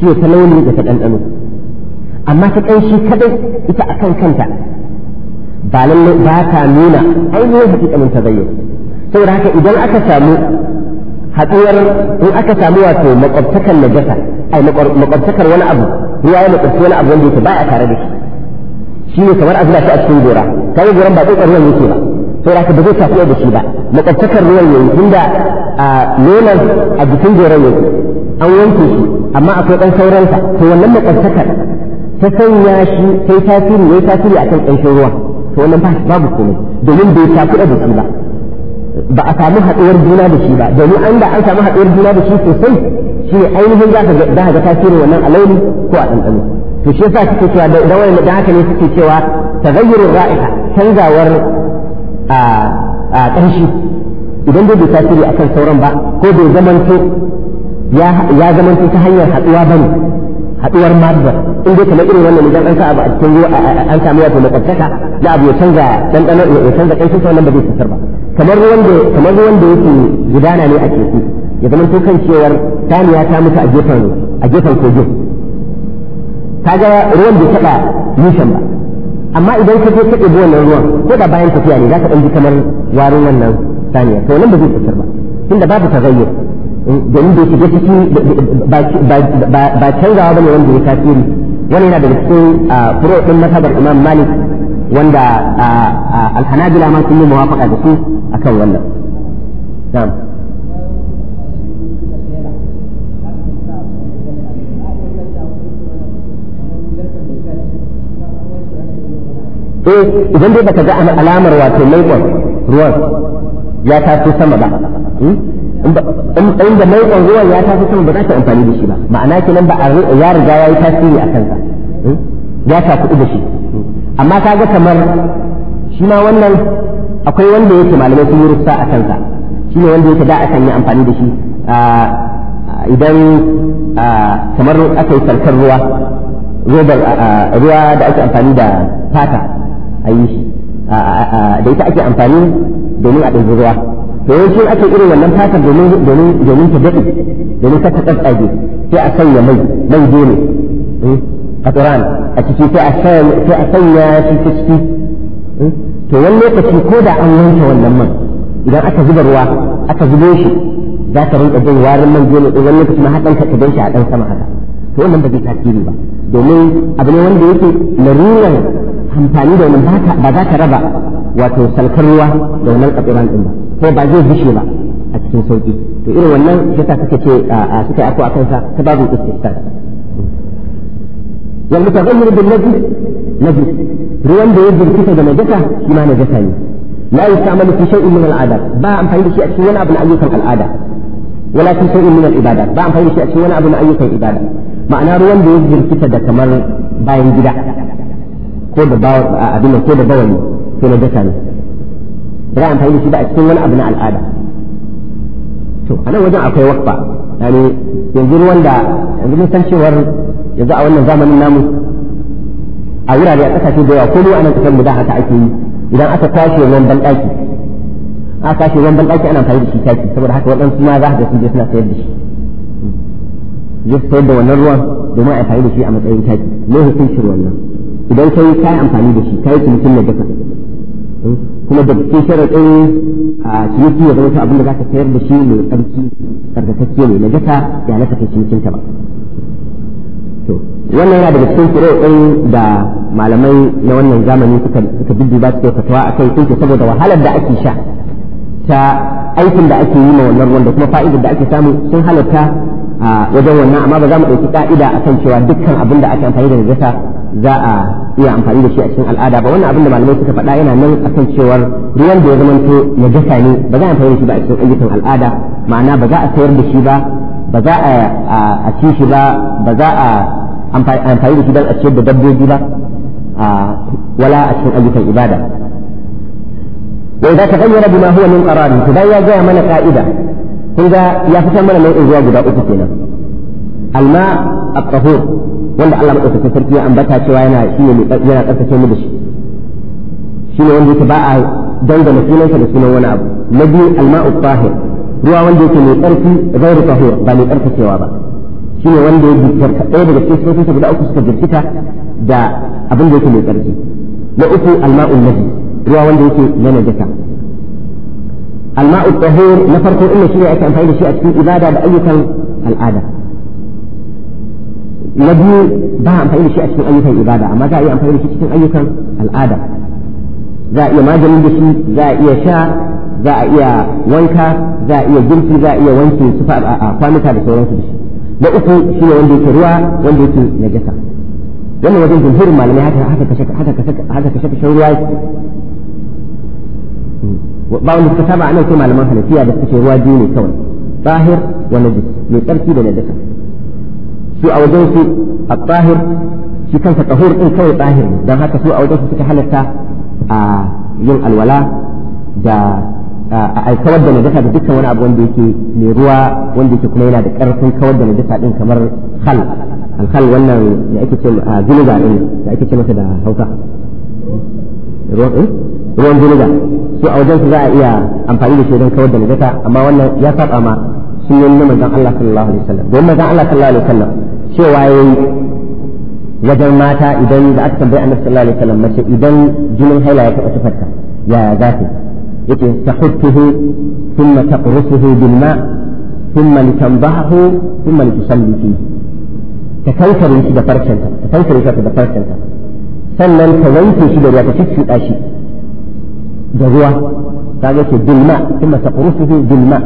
shi ta launi da ta ɗanɗano amma ta ƙanshi kaɗai ita a kan kanta ba lallai ba ta nuna ainihin hakikanin tagayyar saboda haka idan aka samu haɗuwar in aka samu wato maƙwabtakan najasa ai makwabtakar wani abu ruwa ya makwabci wani abu wanda yake baya tare da shi shi ne kamar azura shi a cikin gora kayan goran ba tsokar ruwan yake ba saboda ka ba zai tafiya da shi ba makwabtakar ruwan yayi tunda a nonon a jikin goran yake an wanke shi amma akwai ɗan sauransa to wannan makwabtakar ta sanya shi sai tasiri yayi tasiri akan ƙanshin ruwa to wannan babu komai domin bai tafiya da shi ba ba a samu haɗuwar juna da shi ba domin an da an samu haɗuwar juna da shi sosai shi ne ainihin za ka ga tasirin wannan alaini ko a ɗanɗano to shi yasa suke cewa da wani da haka ne suke cewa tagayyurin ra'iha canzawar a ƙanshi idan dai bai tasiri akan sauran ba ko bai zamanto ya zamanto ta hanyar haɗuwa bane haɗuwar madda in dai kamar irin wannan idan an sa abu a cikin an samu wato makwabtaka da abu ya canza ɗanɗano ya canza ƙanshin sauran ba zai cutar ba kamar ruwan da kamar ruwan da yake gudana ne a teku ya zama to kan cewar saniya ta mutu a gefen a gefen kogin kaga ruwan da taba nishan ba amma idan ka je ka ɗebi wannan ruwan ko da bayan tafiya ne za ka ɗan ji kamar warin wannan saniya to nan ba zai fitar ba tunda babu tagayyur domin da shiga ciki ba canzawa ne wanda ya tasiri wani yana daga cikin furo din masabar imam malik wanda alhanabila ma sun yi muwafaka da su akan wannan na'am eh idan dai baka ga alamar wato maikon ruwan ya taso sama ba hmm? inda maikon ruwan ya taso sama ba za ka amfani da shi ba ma'ana kenan ba ya riga ya yi tasiri a kansa hmm? ya tafi da shi amma ka ga kamar shi ma wannan akwai wanda yake malamai sun yi rufa a kansa ne wanda yake da a kan yi amfani da shi idan kamar aka yi sarkar ruwa robar ruwa da ake amfani da fata a yi shi da ita ake amfani domin a ɗauki ruwa to yawancin ake irin wannan fatar domin ta daɗe domin ta ta sai a sanya mai mai dole eh, a tsoron a ciki sai a sanya shi ta ciki eh. to wani lokaci ko da an wanke wannan man idan aka zuba ruwa aka zubo shi za ka rinka jin warin man jini idan lokaci ma hakan ka kadan shi a dan sama haka to wannan ba zai tasiri ba domin abu ne wanda yake laruran amfani da wannan ba za ka raba wato salkar ruwa da wannan katsiran ɗin ba ko ba zai bushe ba a cikin sauki to irin wannan shi ta suka ce a suka ako akan sa ta babu istisna wal mutaghayyir bil najis najis ruwan da ya jirkita da najasa shi ma najasa ne la yustamalu fi shay'in min al'adat ba amfani da shi a cikin wani abu na ayyukan al'ada wala fi shay'in min al'ibadat ba amfani da shi a cikin wani abu na ayyukan ibada ma'ana ruwan da ya jirkita da kamar bayan gida ko da bawa abin ko da bawani ko na jaka ne ba amfani da shi ba a cikin wani abu na al'ada to a nan wajen akwai wakfa yanzu ruwan da yanzu mun san cewar yanzu a wannan zamanin namu a wurare a kasashe da yawa ko ne anan kusan mu da haka ake yi idan aka kwashe ruwan banɗaki aka kwashe ruwan banɗaki ana amfani da shi taki saboda haka waɗansu ma za ka ga sun je suna sayar da shi je sayar da wannan ruwan domin a amfani da shi a matsayin taki ne shi wannan idan ka yi kayan amfani da shi ka yi cinikin na gasa kuma da cikin sharaɗin a ciniki ya zama abin da za ka sayar da shi mai tsarki tsarkakakke mai na gasa ya halatta kai cinikinta ba to wannan yana daga cikin ɗin da malamai na wannan zamani suka suka ba suke fatawa akai sun ce saboda wahalar da ake sha ta aikin da ake yi ma wannan ruwan da kuma fa'idar da ake samu sun halatta a wajen wannan amma ba za mu ɗauki ka'ida kan cewa dukkan abin da ake amfani da najasa za a iya amfani da shi a cikin al'ada ba wannan abin da malamai suka faɗa yana nan akan cewar ruwan da ya zamanto najasa ne ba za a amfani da shi ba a cikin ayyukan al'ada ma'ana ba za a sayar da shi ba ba za a ci shi ba ba za a amfani da shi don a ciyar da dabbobi ba wala a cikin ayyukan ibada ka min to تغير ya gaya mana قرار تبين جاء من قائدة mana يفتح من guda uku جدا أفتنا الماء الطهور wanda Allah maɗaukaki sarki ya ambata cewa yana shi ne yana tsarkake mu da shi shi ne wanda yake ba a dangana sunansa da sunan wani abu na biyu alma'u tahir ruwa wanda yake mai tsarki zairu tahur ba mai cewa ba shi ne wanda ya jirkita ɗaya daga cikin sojojin guda uku suka jirkita da abin da yake mai tsarki na uku alma'ul nabi ruwa wanda yake na najasa alma'ul tahur na farko inda shine ake amfani da shi a cikin ibada da ayyukan al'ada na biyu ba amfani da shi a cikin ayyukan ibada amma za a iya amfani da shi cikin ayyukan al'ada za a iya maganin da shi za a iya sha za a iya wanka za a iya girki za a iya su tufa a kwanuka da sauransu da shi na uku shi ne wanda yake ruwa wanda yake najasa wannan wajen jumhurin malamai haka haka kashe haka kashe kashe ruwa hmm. ba wanda suka saba anan sai malaman hanafiya da suke ruwa biyu ne kawai tahir wa najis mai tsarki da najasa su a wajen su a tahir shi kansa tahur din kawai ne don haka su a wajen su suka halatta a yin alwala da a kawar da najasa da dukkan wani abu wanda yake mai ruwa wanda yake kuma yana da karfin kawar da najasa din kamar khal alkhal wannan da ake ce a vinegar din da ake ce masa da Hausa ruwan eh ruwan vinegar su a wajen su za a iya amfani da shi don kawar da najasa amma wannan ya saba ma sunan na manzon Allah sallallahu alaihi wasallam don manzon Allah sallallahu alaihi wasallam cewa yayi wajen mata idan da aka tambaye Annabi sallallahu alaihi wasallam mace idan jinin haila ya taba tufarta ya za ta تحته ثم تقرصه بالماء ثم لتنضحه ثم لتصلي فيه تكوثر شد فرشنك تكوثر شد فرشنك sannan ka wanke shi da ruwa ka cicciɗa shi da ruwa ta ce bilma kuma ta ƙurusuhu bilma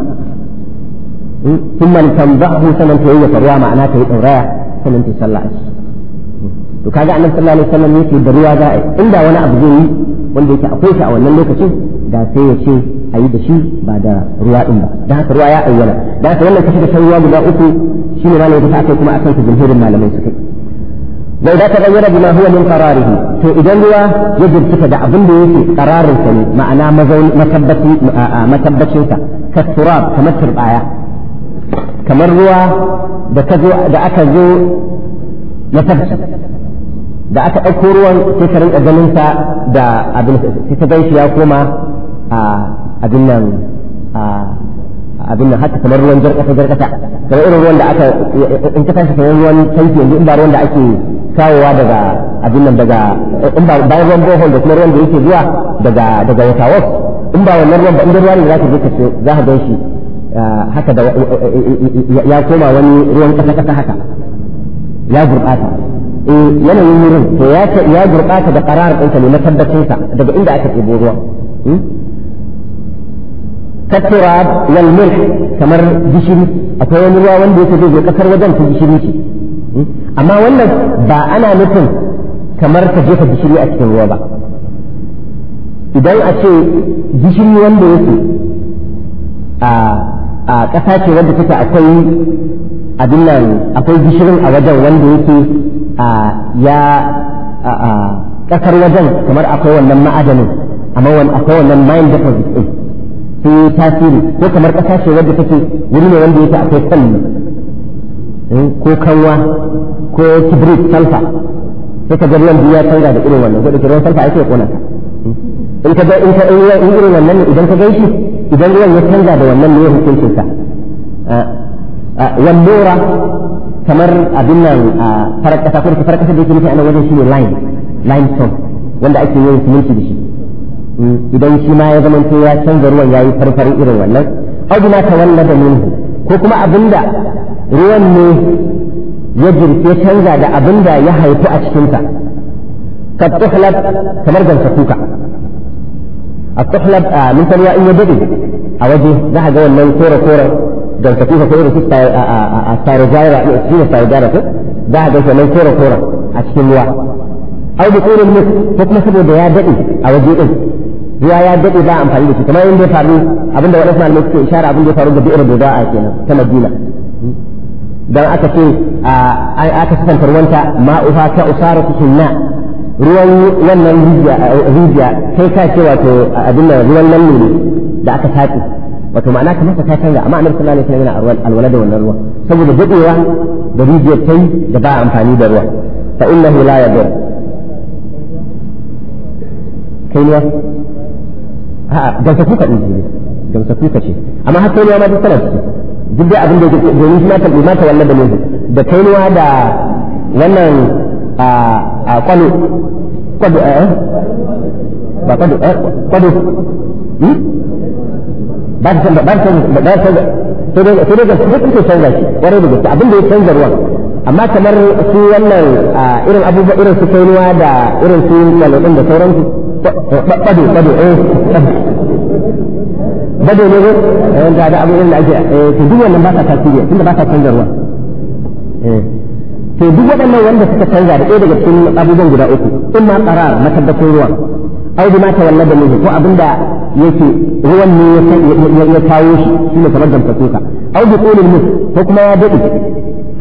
kuma tambahu sannan ta yayyaka ruwa ma'ana ta yi ɗauraya sannan ta sallah a ciki to kaga annabi sallallahu alaihi wasallam yake da ruwa za a inda wani abu zai yi wanda yake akwai shi a wannan lokacin da sai ya ce a yi da shi ba da ruwa ɗin ba da haka ruwa ya ayyana da haka wannan kashi da shan ruwa guda uku shi ne malamai da aka kuma akan su jumhurin malamai suka bai da tagayyara bima huwa min qararihi to idan ruwa ya jirkita da abin da yake qararin sa ne ma'ana mazauni matabbaci matabbacin sa kasurab kamar turbaya kamar ruwa da ka zo da aka zo na da aka ɗauko ruwan sai ka rinka ganin sa da abin sai ka ganshi ya koma abin nan abin nan haka kamar ruwan jarkata jarkata kamar irin ruwan da aka in ka tashi kamar ruwan tanki yanzu in ba ruwan da ake kawowa daga abin nan daga in ba bayan ruwan bohol da kuma ruwan da yake zuwa daga daga wata wasu in ba wannan ruwan ba in ruwan da za ka je ka ce za ka gan shi haka da ya koma wani ruwan kasa kasa haka ya gurɓata eh, yanayin wurin to ya gurɓata da qarar ɗinsa ne na tabbacinsa daga inda aka ɗebo ruwan hmm? كالتراب والملح كمر جشري أتوان روا وندي تجوز كسر وجن في جشري أما ولد با أنا نفهم كمر تجوز جشري أتكن وبا idan a ce gishiri wanda yake a ƙasa ce wadda take akwai abin nan akwai gishirin a wajen wanda yake ya ƙasar wajen kamar akwai wannan ma'adanin amma akwai wannan mine deposit sai tasiri ko kamar ƙasa ce wadda take wuri ne wanda yake akwai kalli eh, ko kanwa ko kibrit salfa sai ka ga ruwan biya canza da irin wannan ko da ruwan salfa ake kona ta in ka ga in ka in irin wannan idan ka gaishe idan ruwan ya canza da wannan ne hukuncin sa wallora kamar abin nan a farar ƙasa ko da farar ƙasa da yake nufi a nan wajen shi ne lime limestone wanda ake yin siminti da shi idan shi ma ya zama sai ya canza ruwan yayi farfari irin wannan ta wannan da minhu ko kuma abinda ruwan ne ya jirke canza da abinda ya haifu a cikinta ka tuhlab kamar gansa kuka a tuhlab a mun ya in ya dade a waje za ga wannan kore kore gansa kuka ko irin su a styrogyra ne shi ne styrogyra ko za ka ga wannan kore kore a cikin ruwa aw bi ne ko kuma saboda ya dade a waje din ruwa ya daɗe ba amfani da shi kamar yadda ya faru abinda waɗansu malamai suke ishara abinda ya faru da bi'ir da za'a kenan ta Madina dan aka ce aka sifanta ruwanta ma'uha ka usaratu sunna ruwan wannan rijiya kai ka ce wato abin nan ruwan nan ne da aka tace wato ma'ana kamar ka canza amma annabi sallallahu alaihi wasallam yana alwala da wannan ruwan saboda daɗewa da rijiyar kai da ba amfani da ruwa fa innahu la yadur kai ne a'a amma har kai ma sanar duk ma ta da da kai da wannan a eh? ba kwado eh hmm? ba ta san ba ta san ya canza ruwan amma kamar su wannan irin abubuwa irin su kai da irin su kwalo din da sauransu bado bado eh. ne ne eh abu da abin da ake eh to duk wannan ba sa tasiri tunda ba sa canjarwa eh to duk waɗannan wanda suka canza da ɗaya daga cikin abubuwan guda uku in ma qarar matabbacin ruwa au bi mata tawalla da ko abinda yake ruwan ne ya kawo shi shine kamar da ka au bi qulil mus ko kuma ya dade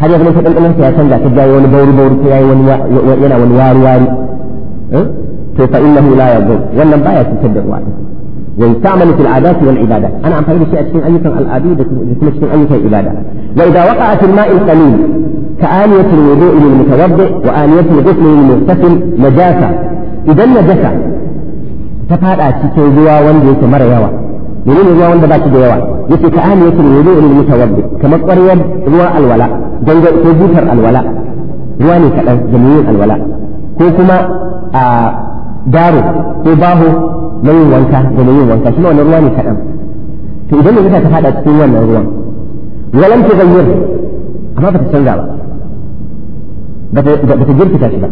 har yanzu zama sai dan ya canza ta jaye wani bauri bauri ko yayi wani yana wani wari wari eh to fa innahu la yadhur wannan baya cutar da uwa ya yi tamani fil adat wal ibada ana amfani da shi a cikin ayyukan al'adu da kuma cikin ayyukan ibada wa idza waqa'at al-ma'i al-qalil ka aniyat al-wudu'i lil-mutawaddi wa aniyat al-ghusl lil-muhtasil najasa idan najasa ta fada cikin ruwa wanda yake mara yawa menene ruwa wanda ba shi da yawa yace ka aniyat al-wudu'i lil-mutawaddi kamar ƙwaryar ruwa alwala dangar ko butar alwala ruwa ne kaɗan jami'in alwala ko kuma a daro ko baho na yin wanka da na yin wanka shi wannan ruwa ne kaɗan to idan yanzu ta faɗa cikin wannan ruwan walam ta yin amma ba ta canza ba ba ta jirkita shi ba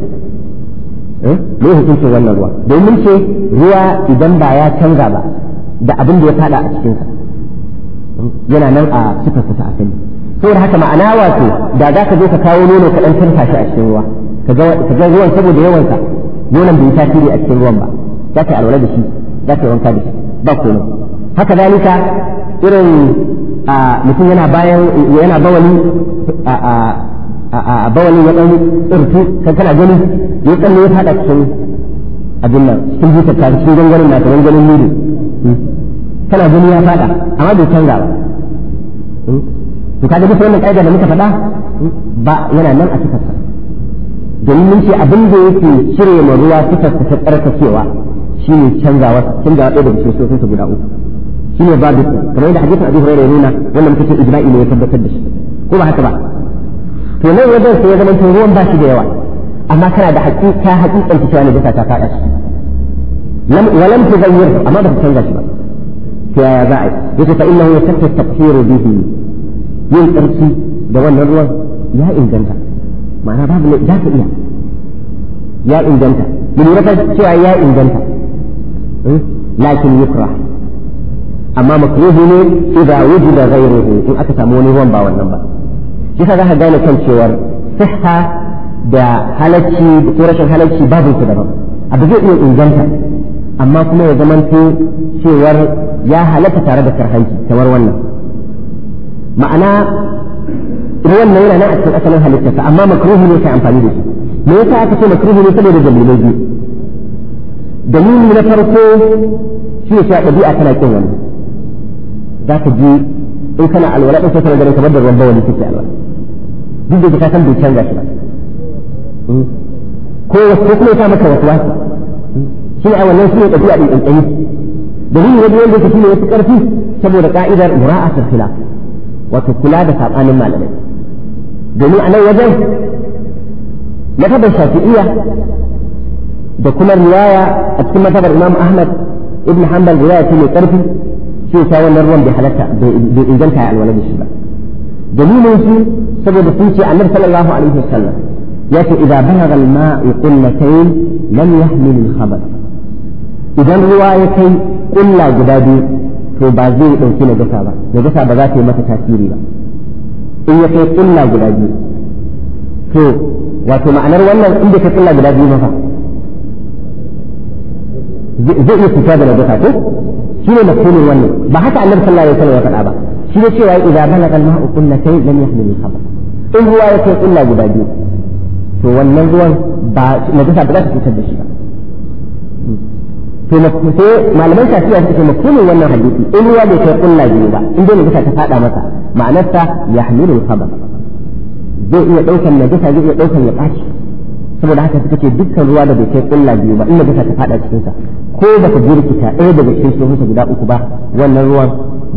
eh? me hukuncin wannan ruwa domin ce ruwa idan ba ya canza ba da abin da ya faɗa a cikinsa yana nan a sifarsa a asali saboda haka ma'ana wato da za ka zo ka kawo nono ka ɗan canza shi a cikin ruwa ka ga ruwan saboda yawansa nonon bai tasiri a cikin ruwan ba za ka yi alwala da shi za ka yi wanka da shi ba komai haka zalika irin mutum yana bayan yana bawali a bawali ya ɗan irtu kan kana gani ya tsalle ya faɗa cikin abin nan sun ji ta cikin gangarin na tare ganin nuru hmm. kana gani ya faɗa amma bai canza ba hmm. to kaga duk wannan ƙa'ida da muka faɗa hmm. ba yana nan a cikin domin mun ce abin da yake cire ma ruwa sifar ta tsarkakewa shine canzawa canzawa ɗaya daga cikin sosai guda uku shi ne babu kamar yadda hadisin Abu Hurairah nuna wannan mutum ijma'i ne ya tabbatar da shi ko ba haka ba to nan wajen sai ya zama to ruwan ba shi da yawa amma kana da haƙiƙa haƙiƙan ta cewa ne bisa ta faɗa shi lam walam tuzayyir amma ba ta canza shi ba to yaya za a yi yace fa innahu yasaffu at-taqsir bihi yin tsarki da wannan ruwan ya inganta ma'ana babu ne za ka iya ya inganta mu lura cewa ya inganta hmm? lakin yukra amma makruhi ne da idza wujida ghayruhu in aka samu wani ruwan ba wannan ba shi yasa za ka gane kan cewar sihha da halacci ko rashin halacci babu su daban abu zai iya inganta amma kuma ya zamanto cewar ya halatta tare da karhanci kamar wannan ma'ana ruwan nan yana nan a cikin asalin halittarsa amma makruhi ne kai amfani da shi me yasa aka ce makruhi ne saboda dalilai biyu dalili na farko shi ne cewa ɗabi'a tana kin wani za ka je in kana alwala ɗin sai kana ganin kamar da ruwan bawali kake alwala duk da ka san bai canza shi ba hmm? ko ko kuma ta maka wasu wasu shi ne a wannan shi ne ɗabi'a ɗin ɗanɗani dalili na biyu wanda shi ne wasu ƙarfi saboda ka'idar mura'atul khilaf wato kula da saɓanin malamai domin a nan wajen matabar shafi'iya da kuma riwaya a cikin matabar imam ahmad ibn hanbal riwaya ce mai karfi sai ta wannan ruwan bai halatta bai inganta alwala da shi ba dalilin shi saboda sun ce annabi sallallahu alaihi wasallam ya ce idza balagha al-ma'u qullatayn lam yahmil al-khabath idan ruwa ya kai kulla guda biyu to ba zai dauki gasa ba gasa ba za ta yi mata tasiri ba in ya kai kulla guda biyu to wato ma'anar wannan in bai kai kulla guda biyu ba zai iya fita da najasa ko shi ne mafhumin wannan ba haka annabi sallallahu alaihi wasallam ya faɗa ba shi ne cewa idan balaga al-ma'u kullatayn lam yahmil al in ruwa ya kai kulla guda biyu to wannan ruwan ba najasa ba za ta fitar da shi ba to sai malaman shafi'a suke mafhumin wannan hadisi in ruwa bai kai kulla biyu ba in dai najasa ta faɗa masa ma'anarsa ya hamilu khabar zai iya ɗaukan najasa zai iya ɗaukan ya ɓaci saboda haka suka ce dukkan ruwa da bai kai ƙulla biyu ba in najasa ta faɗa cikinsa ko baka jirkita ɗaya daga cikin sunansa guda uku ba wannan ruwan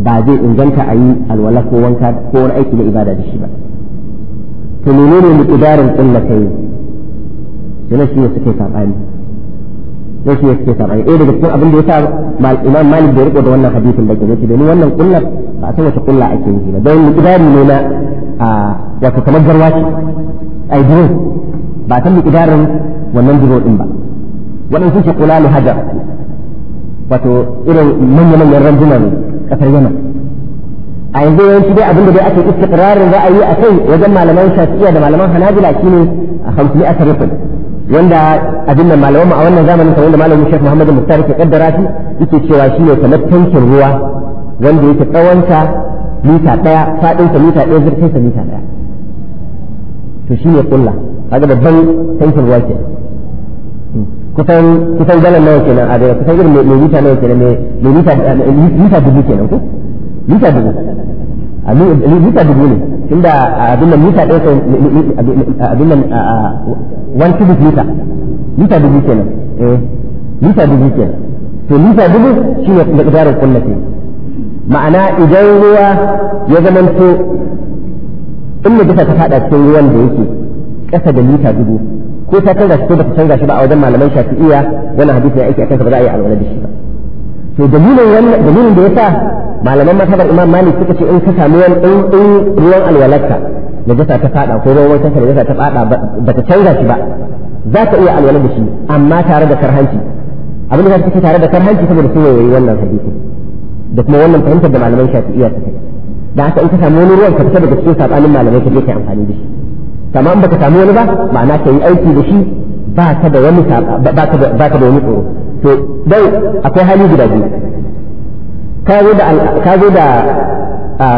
ba zai inganta a yi alwala ko wanka ko wani aiki na ibada da shi ba to menene muƙidarin ƙulla ta yi shi ne suke saɓani sai su yake sabai eh daga cikin abin da yasa mal imam malik da riko da wannan hadisin da yake domin wannan kullar ba a san wace kulla ake yi ba don miqdari ne na wato kamar garwaci ai duro ba san miqdarin wannan duro din ba waɗansu ce kulalu hajar wato irin manya-manyan ranjuna ne kasar yana. a yanzu yawanci dai abinda dai ake istiqrarin ra'ayi a kai wajen malaman shafi'iyya da malaman hanabila shine a hamsin a rufin wanda abin da malaman a wannan zamanin kamar da malamin Sheikh Muhammad Mustar ke kaddara shi yake cewa shi ne kamar tankin ruwa wanda yake tsawonsa mita ɗaya faɗinsa mita ɗaya zurfinsa mita ɗaya to shi ne kulla kaga babban tankin ruwa ke hmm. kusan kusan galan nawa kenan a daga kusan irin mai mita nawa kenan mai mita mita dubu kenan ko mita dubu a mita dubu ne inda ah, abin nan mita ɗaya kan ah, abin nan ah, one cubic mita mita dubu kenan eh mita dubu kenan to mita dubu shi ne miqdarin kullafi ma'ana idan ruwa ya zama to in da ta faɗa cikin ruwan da yake ƙasa da mita dubu ko ta canza shi ko ba ta canza shi ba a wajen malaman shafi'iya wannan hadisi ya aiki akan ba za a yi alwala da shi ba to dalilin wannan dalilin da yasa malaman masabar imam malik suka ce in ka samu wani in in ruwan alwalarka gasa ta fada ko ruwan wancan najasa ta fada ba ta canza shi ba za ka iya alwala da shi amma tare da karhanci abin da suke tare da karhanci saboda su yayi wannan hadisi da kuma wannan fahimtar da malaman shafi'iyya suka yi da haka in ka samu wani ruwan ka fita daga cikin sabanin malamai ka je ka amfani da shi kama in baka samu wani ba ma'ana ka yi aiki da shi ba ka da wani ba ka da wani tsoro to dai akwai hali guda biyu ka zo da ka zo da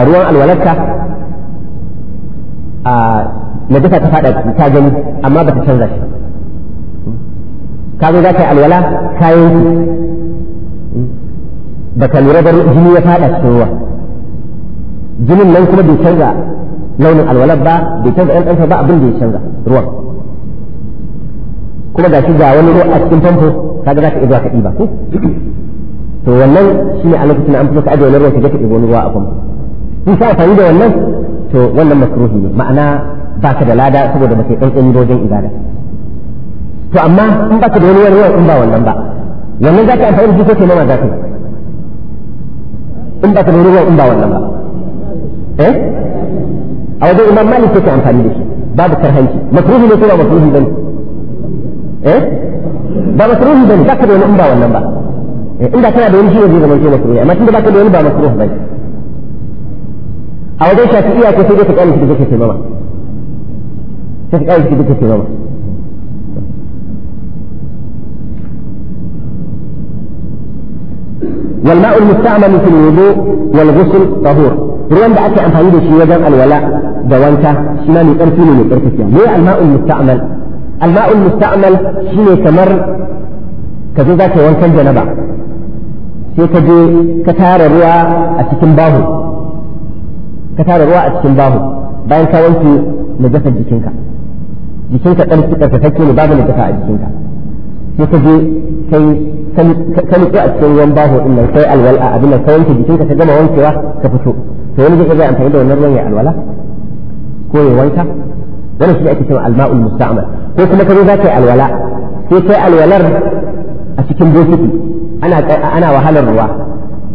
ruwan alwalarka a najasa ta fada ta gani amma ba ta canza shi ka zo za ka yi alwala ka yanki ba ka lura da jini ya fada cikin ruwa jinin nan kuma bai canza launin alwalar ba bai canza ɗan ɗansa ba abin da ya canza ruwan kuma ga shi ga wani ruwa a cikin famfo kaga za ka iya zuwa ka ɗiba ko to wannan shi ne a lokacin an fito ka ajiye wani ruwa ka je ka ɗiba wani ruwa a Kuma in sa amfani da wannan to wannan makruhi ne ma'ana ba ka da lada saboda ba kai ɗanɗani da wajen ibada to amma in ba ka da wani wani in ba wannan ba wannan za ka amfani da shi ko kai nama za ka in ba ka da wani in ba wannan ba eh a wajen imam malik kake amfani da shi babu karhanci makruhi ne ko ba makruhi bane eh ba makruhi bane baka da wani in ba wannan ba inda kana da wani shi zai zama shi makruhi amma tunda baka da wani ba makruhi bane a wajen shafi'iyya ko sai dai ka kalle shi da kake taimama sai ka kalle shi da kake taimama والماء المستعمل في الوضوء والغسل طهور ruwan da ake amfani da shi wajen alwala da wanka shi ma mai ƙarfi ne mai ƙarfi ne me al-ma'ul musta'mal alma'ul musta'mal shine kamar ka zo za ka wankan janaba sai ka je ka tara ruwa a cikin bahu ka tara ruwa a cikin bahu bayan ka wanke najasar jikinka jikinka ɗan tsarkakakke ne babu najasa a jikinka sai ka je kai ka nutsu a cikin ruwan bahu ɗin nan sai alwala abin nan ka wanke jikinka ka gama wankewa ka fito to wani zai amfani da wannan ruwan ya alwala ko ya wanka dan shi ake cewa alma'ul musta'mal ko kuma kaje za ka yi alwala sai kai alwalar a cikin bokiti ana wahalar ruwa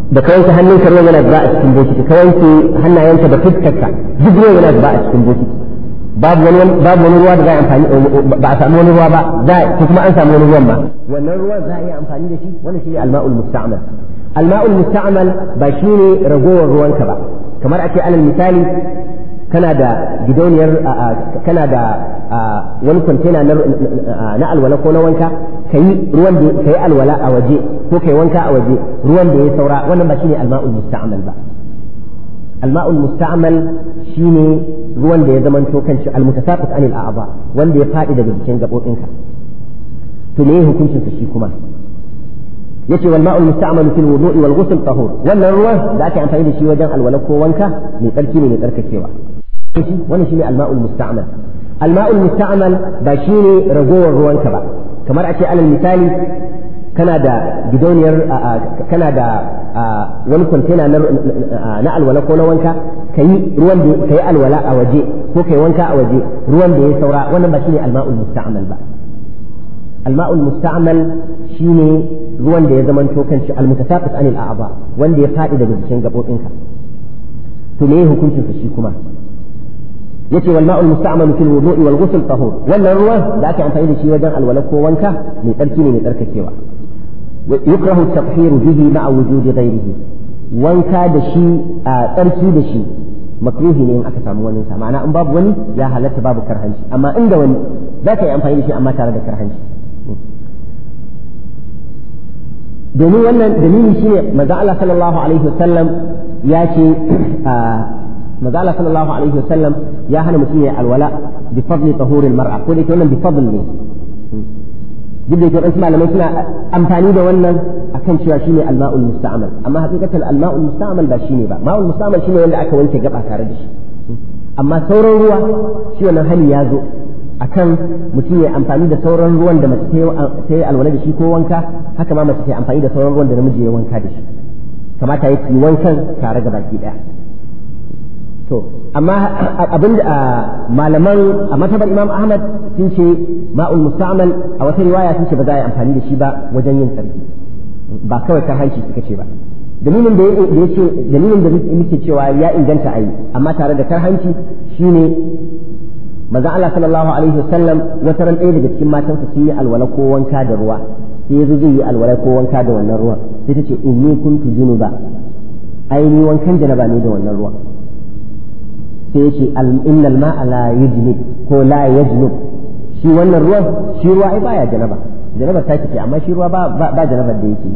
da ka wanke hannunka ruwan yana zuba a cikin bokiti ka wanke hannayenka da fuskarka duk ruwan yana zuba a cikin bokiti babu wani ruwa da za a amfani ba a samu wani ruwa ba za ko kuma an samu wani ruwan ba wannan ruwan za a yi amfani da shi wani shi ne alma'ul musta'mal alma'ul musta'mal ba shi ne ragowar ruwanka ba kamar ake alal misali kana da gidauniyar kana da wani kwantena na alwala ko na wanka ka yi ruwan da ka yi alwala a waje ko ka yi wanka a waje ruwan da ya saura wannan ba shine alma'ul musta'mal ba alma'ul musta'mal shine ruwan da ya zamanto kanshi almutasaqit anil a'ba wanda ya fadi daga jikin gabobinka to me hukuncin sa shi kuma yace wal ma'ul musta'mal fil wudu'i wal ghusl tahur wannan ruwan da ake amfani da shi wajen alwala ko wanka mai tsarki ne mai tsarkakewa wannan shine alma'ul musta'mal alma'ul musta'mal ba shine ragowar ruwanka ba kamar a ce alal misali kana da gidauniyar kana da wani kwantena na alwala ko na wanka ka yi ruwan da alwala a waje ko ka yi wanka a waje ruwan da ya saura wannan ba shine alma'ul musta'mal ba alma'ul musta'mal shine ruwan da ya zamanto kanci almutasaqis anil a'aba wanda ya fadi daga jikin gabobinka to me hukuncin shi kuma yace wal ma'ul musta'mal fil wudu'i wal ghusl tahur wannan ruwan da aka amfani da shi wajen alwala ko wanka mai tsarki ne mai tsarkakewa yukrahu at-tahhir bihi ma'a wujudi ghayrihi wanka da shi a tsarki da shi makruhi ne in aka samu wani sa ma'ana in babu wani ya halatta babu karhanci amma inda wani za ka yi amfani da shi amma tare da karhanci domin wannan dalili shine manzo Allah sallallahu alaihi wasallam ya ce manzo sallallahu alaihi wa sallam ya hana mutum ya alwala bi fadli tahuril mar'a ko da wannan bi fadl ne duk da yake wasu malamai suna amfani da wannan akan cewa shine alma'ul musta'mal amma hakikatan alma'ul musta'mal ba shine ba ma'ul musta'mal shine wanda aka wanke gaba tare da shi amma sauran ruwa shi wannan hali ya zo akan mutum ya amfani da sauran ruwan da mace ta yi alwala da shi ko wanka haka ma mace ta amfani da sauran ruwan da namiji ya wanka da shi kamata ya yi wankan tare ga baki daya to amma abin da malaman a matabar imam ahmad sun ce ma'ul musamman a wata riwaya sun ce ba za a yi amfani da shi ba wajen yin tsarki ba kawai karhanci suka ce ba dalilin da ya ce dalilin da muke cewa ya inganta ayi amma tare da karhanci shine manzo Allah sallallahu alaihi wasallam wata ran ɗaya daga cikin matan su sun yi alwala ko wanka da ruwa sai yazo zai yi alwala ko wanka da wannan ruwan sai ta ce in ni kuntu junuba ai ni wankan janaba ne da wannan ruwan sai yace innal ma'a la yujlib ko la yajlub shi wannan ruwan shi ruwa ai baya janaba janaba ta kike amma shi ruwa ba ba janaba da yake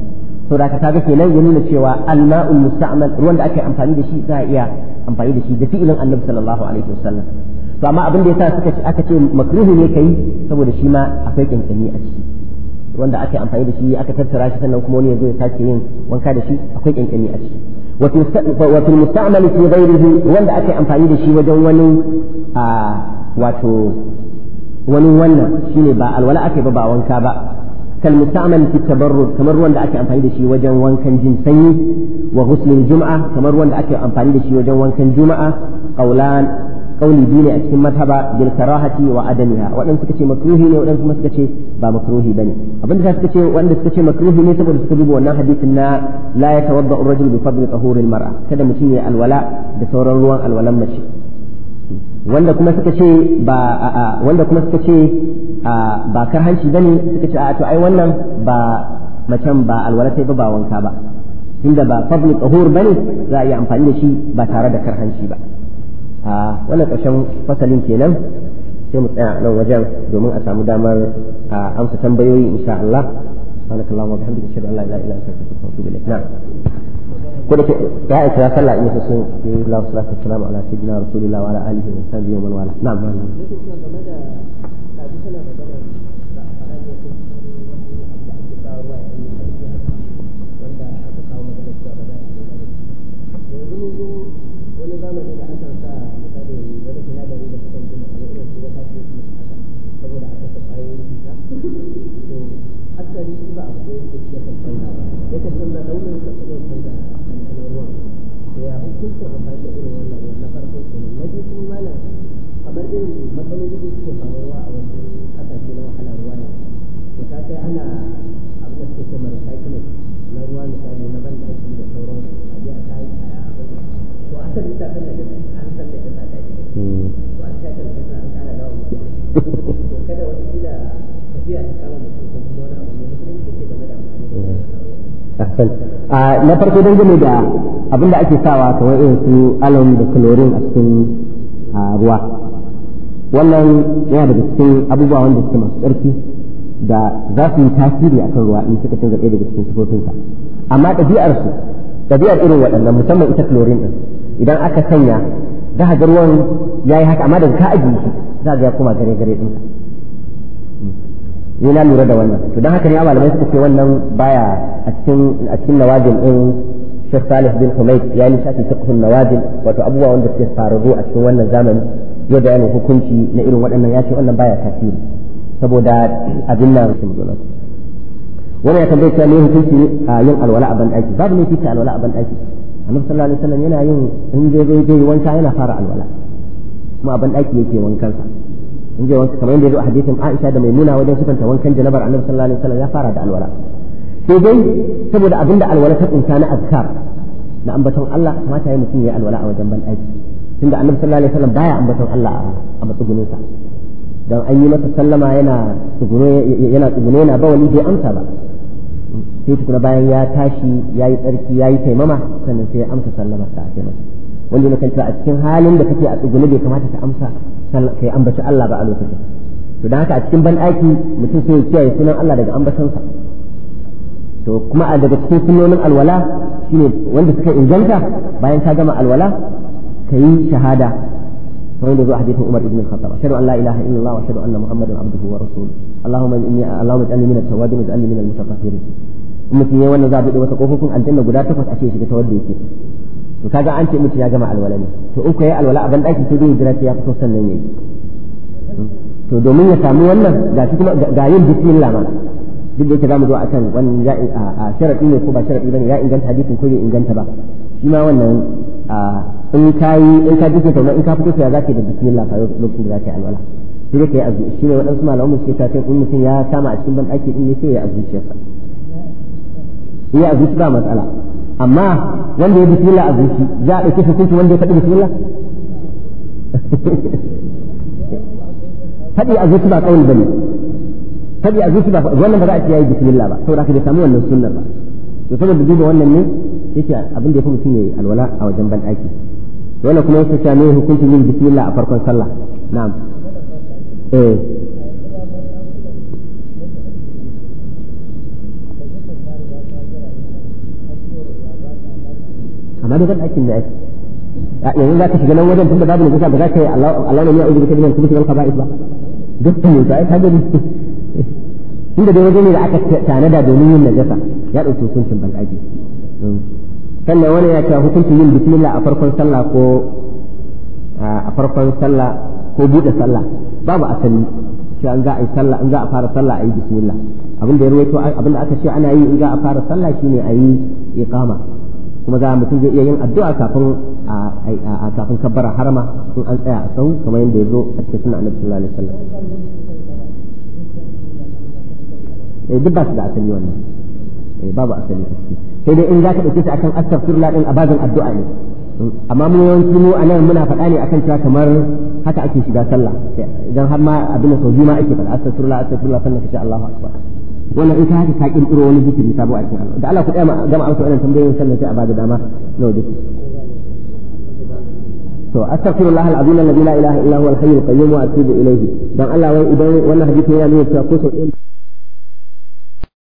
to da ka kaga kenan ya nuna cewa al-ma'ul musta'mal ruwan da ake amfani da shi za a iya amfani da shi da fi'ilin annabi sallallahu alaihi wasallam to amma abin da yasa suka ce aka ce makruhu ne kai saboda shi ma akwai kankani a ciki wanda ake amfani da shi aka tattara shi sannan kuma wani ya zo ya sake yin wanka da shi akwai kankani a ciki wato musta'mal fi ghairihi wanda aka amfani da shi wajen wani wato wani wannan shine ba alwala aka ba ba wanka ba kal musta'mal fi tabarrud kamar wanda ake amfani da shi wajen wankan jin sanyi wa ghuslil jum'a kamar wanda ake amfani da shi wajen wankan juma'a qawlan kauli biyu ne a cikin mazhaba bil karahati wa adamiha waɗansu suka ce makruhi ne waɗansu kuma suka ce ba makruhi bane abinda ta suka ce wanda suka ce makruhi ne saboda suka duba wannan hadisin na la yatawadda ar-rajul bi fadli tahuril mar'a kada mutum ya alwala da sauran ruwan alwalan mace wanda kuma suka ce ba wanda kuma suka ce ba karhanci bane suka ce a to ai wannan ba macen ba alwala sai ba ba wanka ba tunda ba fadli tahur bane za a yi amfani da shi ba tare da karhanci ba a ah, wannan ƙarshen fasalin kenan sai mu tsaya nan wajen domin a samu damar a amsa tambayoyi insha Allah subhanaka wa bihamdika ashhadu an la ilaha illa anta astaghfiruka wa na'am ko da ke ya aika ya sallah in sun ke la salatu wassalamu ala sayyidina rasulillah wa ala alihi wa sahbihi wa man wala na'am suke amfani da irin wannan ruwan na farko na biyu kuma kamar irin matsaloli da suke faruwa a wasu kasashe na wahala ruwa ne to ta kai ana abin da suke ce mara na ruwa misali na da sauran a biya ta yi a abin to asali ta san daga an san ta ta yi to an ta an kara dawo mutum to kada kila tafiya ta kama mutum ko kuma wani abu ne mutum ke game da amfani da Ahsan. Ah, na farko dangane da abin da ake sawa kamar irin su alon da kalorin a cikin ruwa wannan yana da cikin abubuwa wanda suke masu tsarki da za su yi tasiri a kan ruwa in suka canza ɗaya daga cikin sufofinsa amma ɗabi'ar ɗabi'ar irin waɗannan musamman ita kalorin ɗin idan aka sanya za ga ruwan ya yi haka amma daga ka ajiye shi za ga ya koma gare gare ɗinka ni na lura da wannan to don haka ne malamai suka ce wannan baya a a cikin nawajin ɗin Sheikh Salih bin Humayd ya yi shafi fiqhun nawazil wato abubuwa wanda suke faruwa a cikin wannan zamani ya bayanin hukunci na irin waɗannan ya ce wannan baya tasiri saboda abin nan sun zo wannan ya tambaye cewa ne hukunci yin alwala a bandaki babu ne fice alwala a bandaki annabi sallallahu alaihi wasallam yana yin in zai dai zai wanka yana fara alwala kuma a bandaki yake wankan sa in zai wanka kamar yadda ya zo a hadisin Aisha da Maimuna wajen sifanta wankan janabar annabi sallallahu alaihi wasallam ya fara da alwala sai dai saboda abin da alwala ta kunta na azkar na ambaton Allah kamata ya mutum ya alwala a wajen ban aiki tunda annabi sallallahu alaihi wasallam baya ambaton Allah a matsugunin sa dan an yi masa sallama yana tsugune yana tsugune yana bawali bai amsa ba sai tukuna bayan ya tashi ya yi tsarki ya yi taimama sannan sai ya amsa sallama sa ake masa wanda na kanta a cikin halin da kake a tsugune bai kamata ka amsa kai ambaci Allah ba a lokacin to dan haka a cikin ban aiki mutum sai ya kiyaye sunan Allah daga ambatonsa to kuma a daga cikin sunnonin alwala shine wanda suka inganta bayan ka gama alwala ka yi shahada kamar yadda zuwa hadisin Umar ibn al-Khattab ashhadu an la ilaha illallah wa ashhadu anna muhammadan abduhu wa rasuluhu allahumma inni allahumma ij'alni min at-tawwabin waj'alni min al-mutatahhirin in mutum yayi wannan za a bude masa kofofin aljanna guda takwas a ce shiga ta wanda yake to kaga an ce mutum ya gama alwala ne to in yi alwala a bandaki sai dai hijira sai ya fito sannan yayi to domin ya samu wannan ga kuma ga yin bismillah ma duk da za mu zo akan wannan ya a sharadi ne ko ba ba ne ya inganta hadisin ko ya inganta ba shi ma wannan in ka yi in ka dike tauna in ka fito ya zaka da bismillah ka lokacin da zaka yi alwala sai dai kai azu shi ne wadansu malaman suke cewa sai in mutum ya kama a cikin ban daki din ne sai ya azu shi yasa ya azu ba matsala amma wanda ya bismillah azu shi za a dauke hukunci wanda ya faɗi bismillah faɗi azu ba kawai bane sabi a zuci ba wannan ba za a ce yayi bismillah ba saboda haka bai samu wannan sunnar ba to saboda duba wannan ne yake abin da yafi mutum yayi alwala a wajen ban daki wannan kuma yake cewa ne hukuncin yin bismillah a farkon sallah na'am eh amma dai ban daki ne ake yanzu za ka shiga nan wajen tunda babu ne ba za ka yi Allah ne ya uzu bika binan kuma shiga al-qaba'is ba duk ne ba ai ka gani inda dai waje ne da aka tanada domin yin najasa ya ɗauki hukuncin banɗaki sannan wani ya ce hukuncin yin bismillah a farkon sallah ko a farkon sallah ko buɗe sallah babu asali cewa an za a yi sallah an za a fara sallah a yi bismillah abin da ya ruwaito abin da aka ce ana yi in za a fara sallah shine a yi iqama kuma za mutum zai iya yin addu'a kafin a kafin kabbara harama in an tsaya a sahu kamar yadda ya zo a cikin sunan annabi sallallahu alaihi wasallam eh duk ba su da asali wannan eh babu asali a ciki sai dai in za ka ɗauke shi akan astaghfirullah din a abazin addu'a ne amma mu yawanci mu anan muna faɗa ne akan cewa kamar haka ake shiga sallah idan har ma abin da sauji ma ake faɗa astaghfirullah astaghfirullah sannan ka ce Allahu akbar wannan in ka haka ka kin wani zikiri sabo a cikin Allah da Allah ku tsaya gama amsa wannan tambayoyin sannan sai a bada dama na waje to astaghfirullah alazim alladhi la ilaha illa huwa alhayyul qayyum wa atubu ilayhi dan Allah wai idan wannan hadisi yana nuna cewa ko sai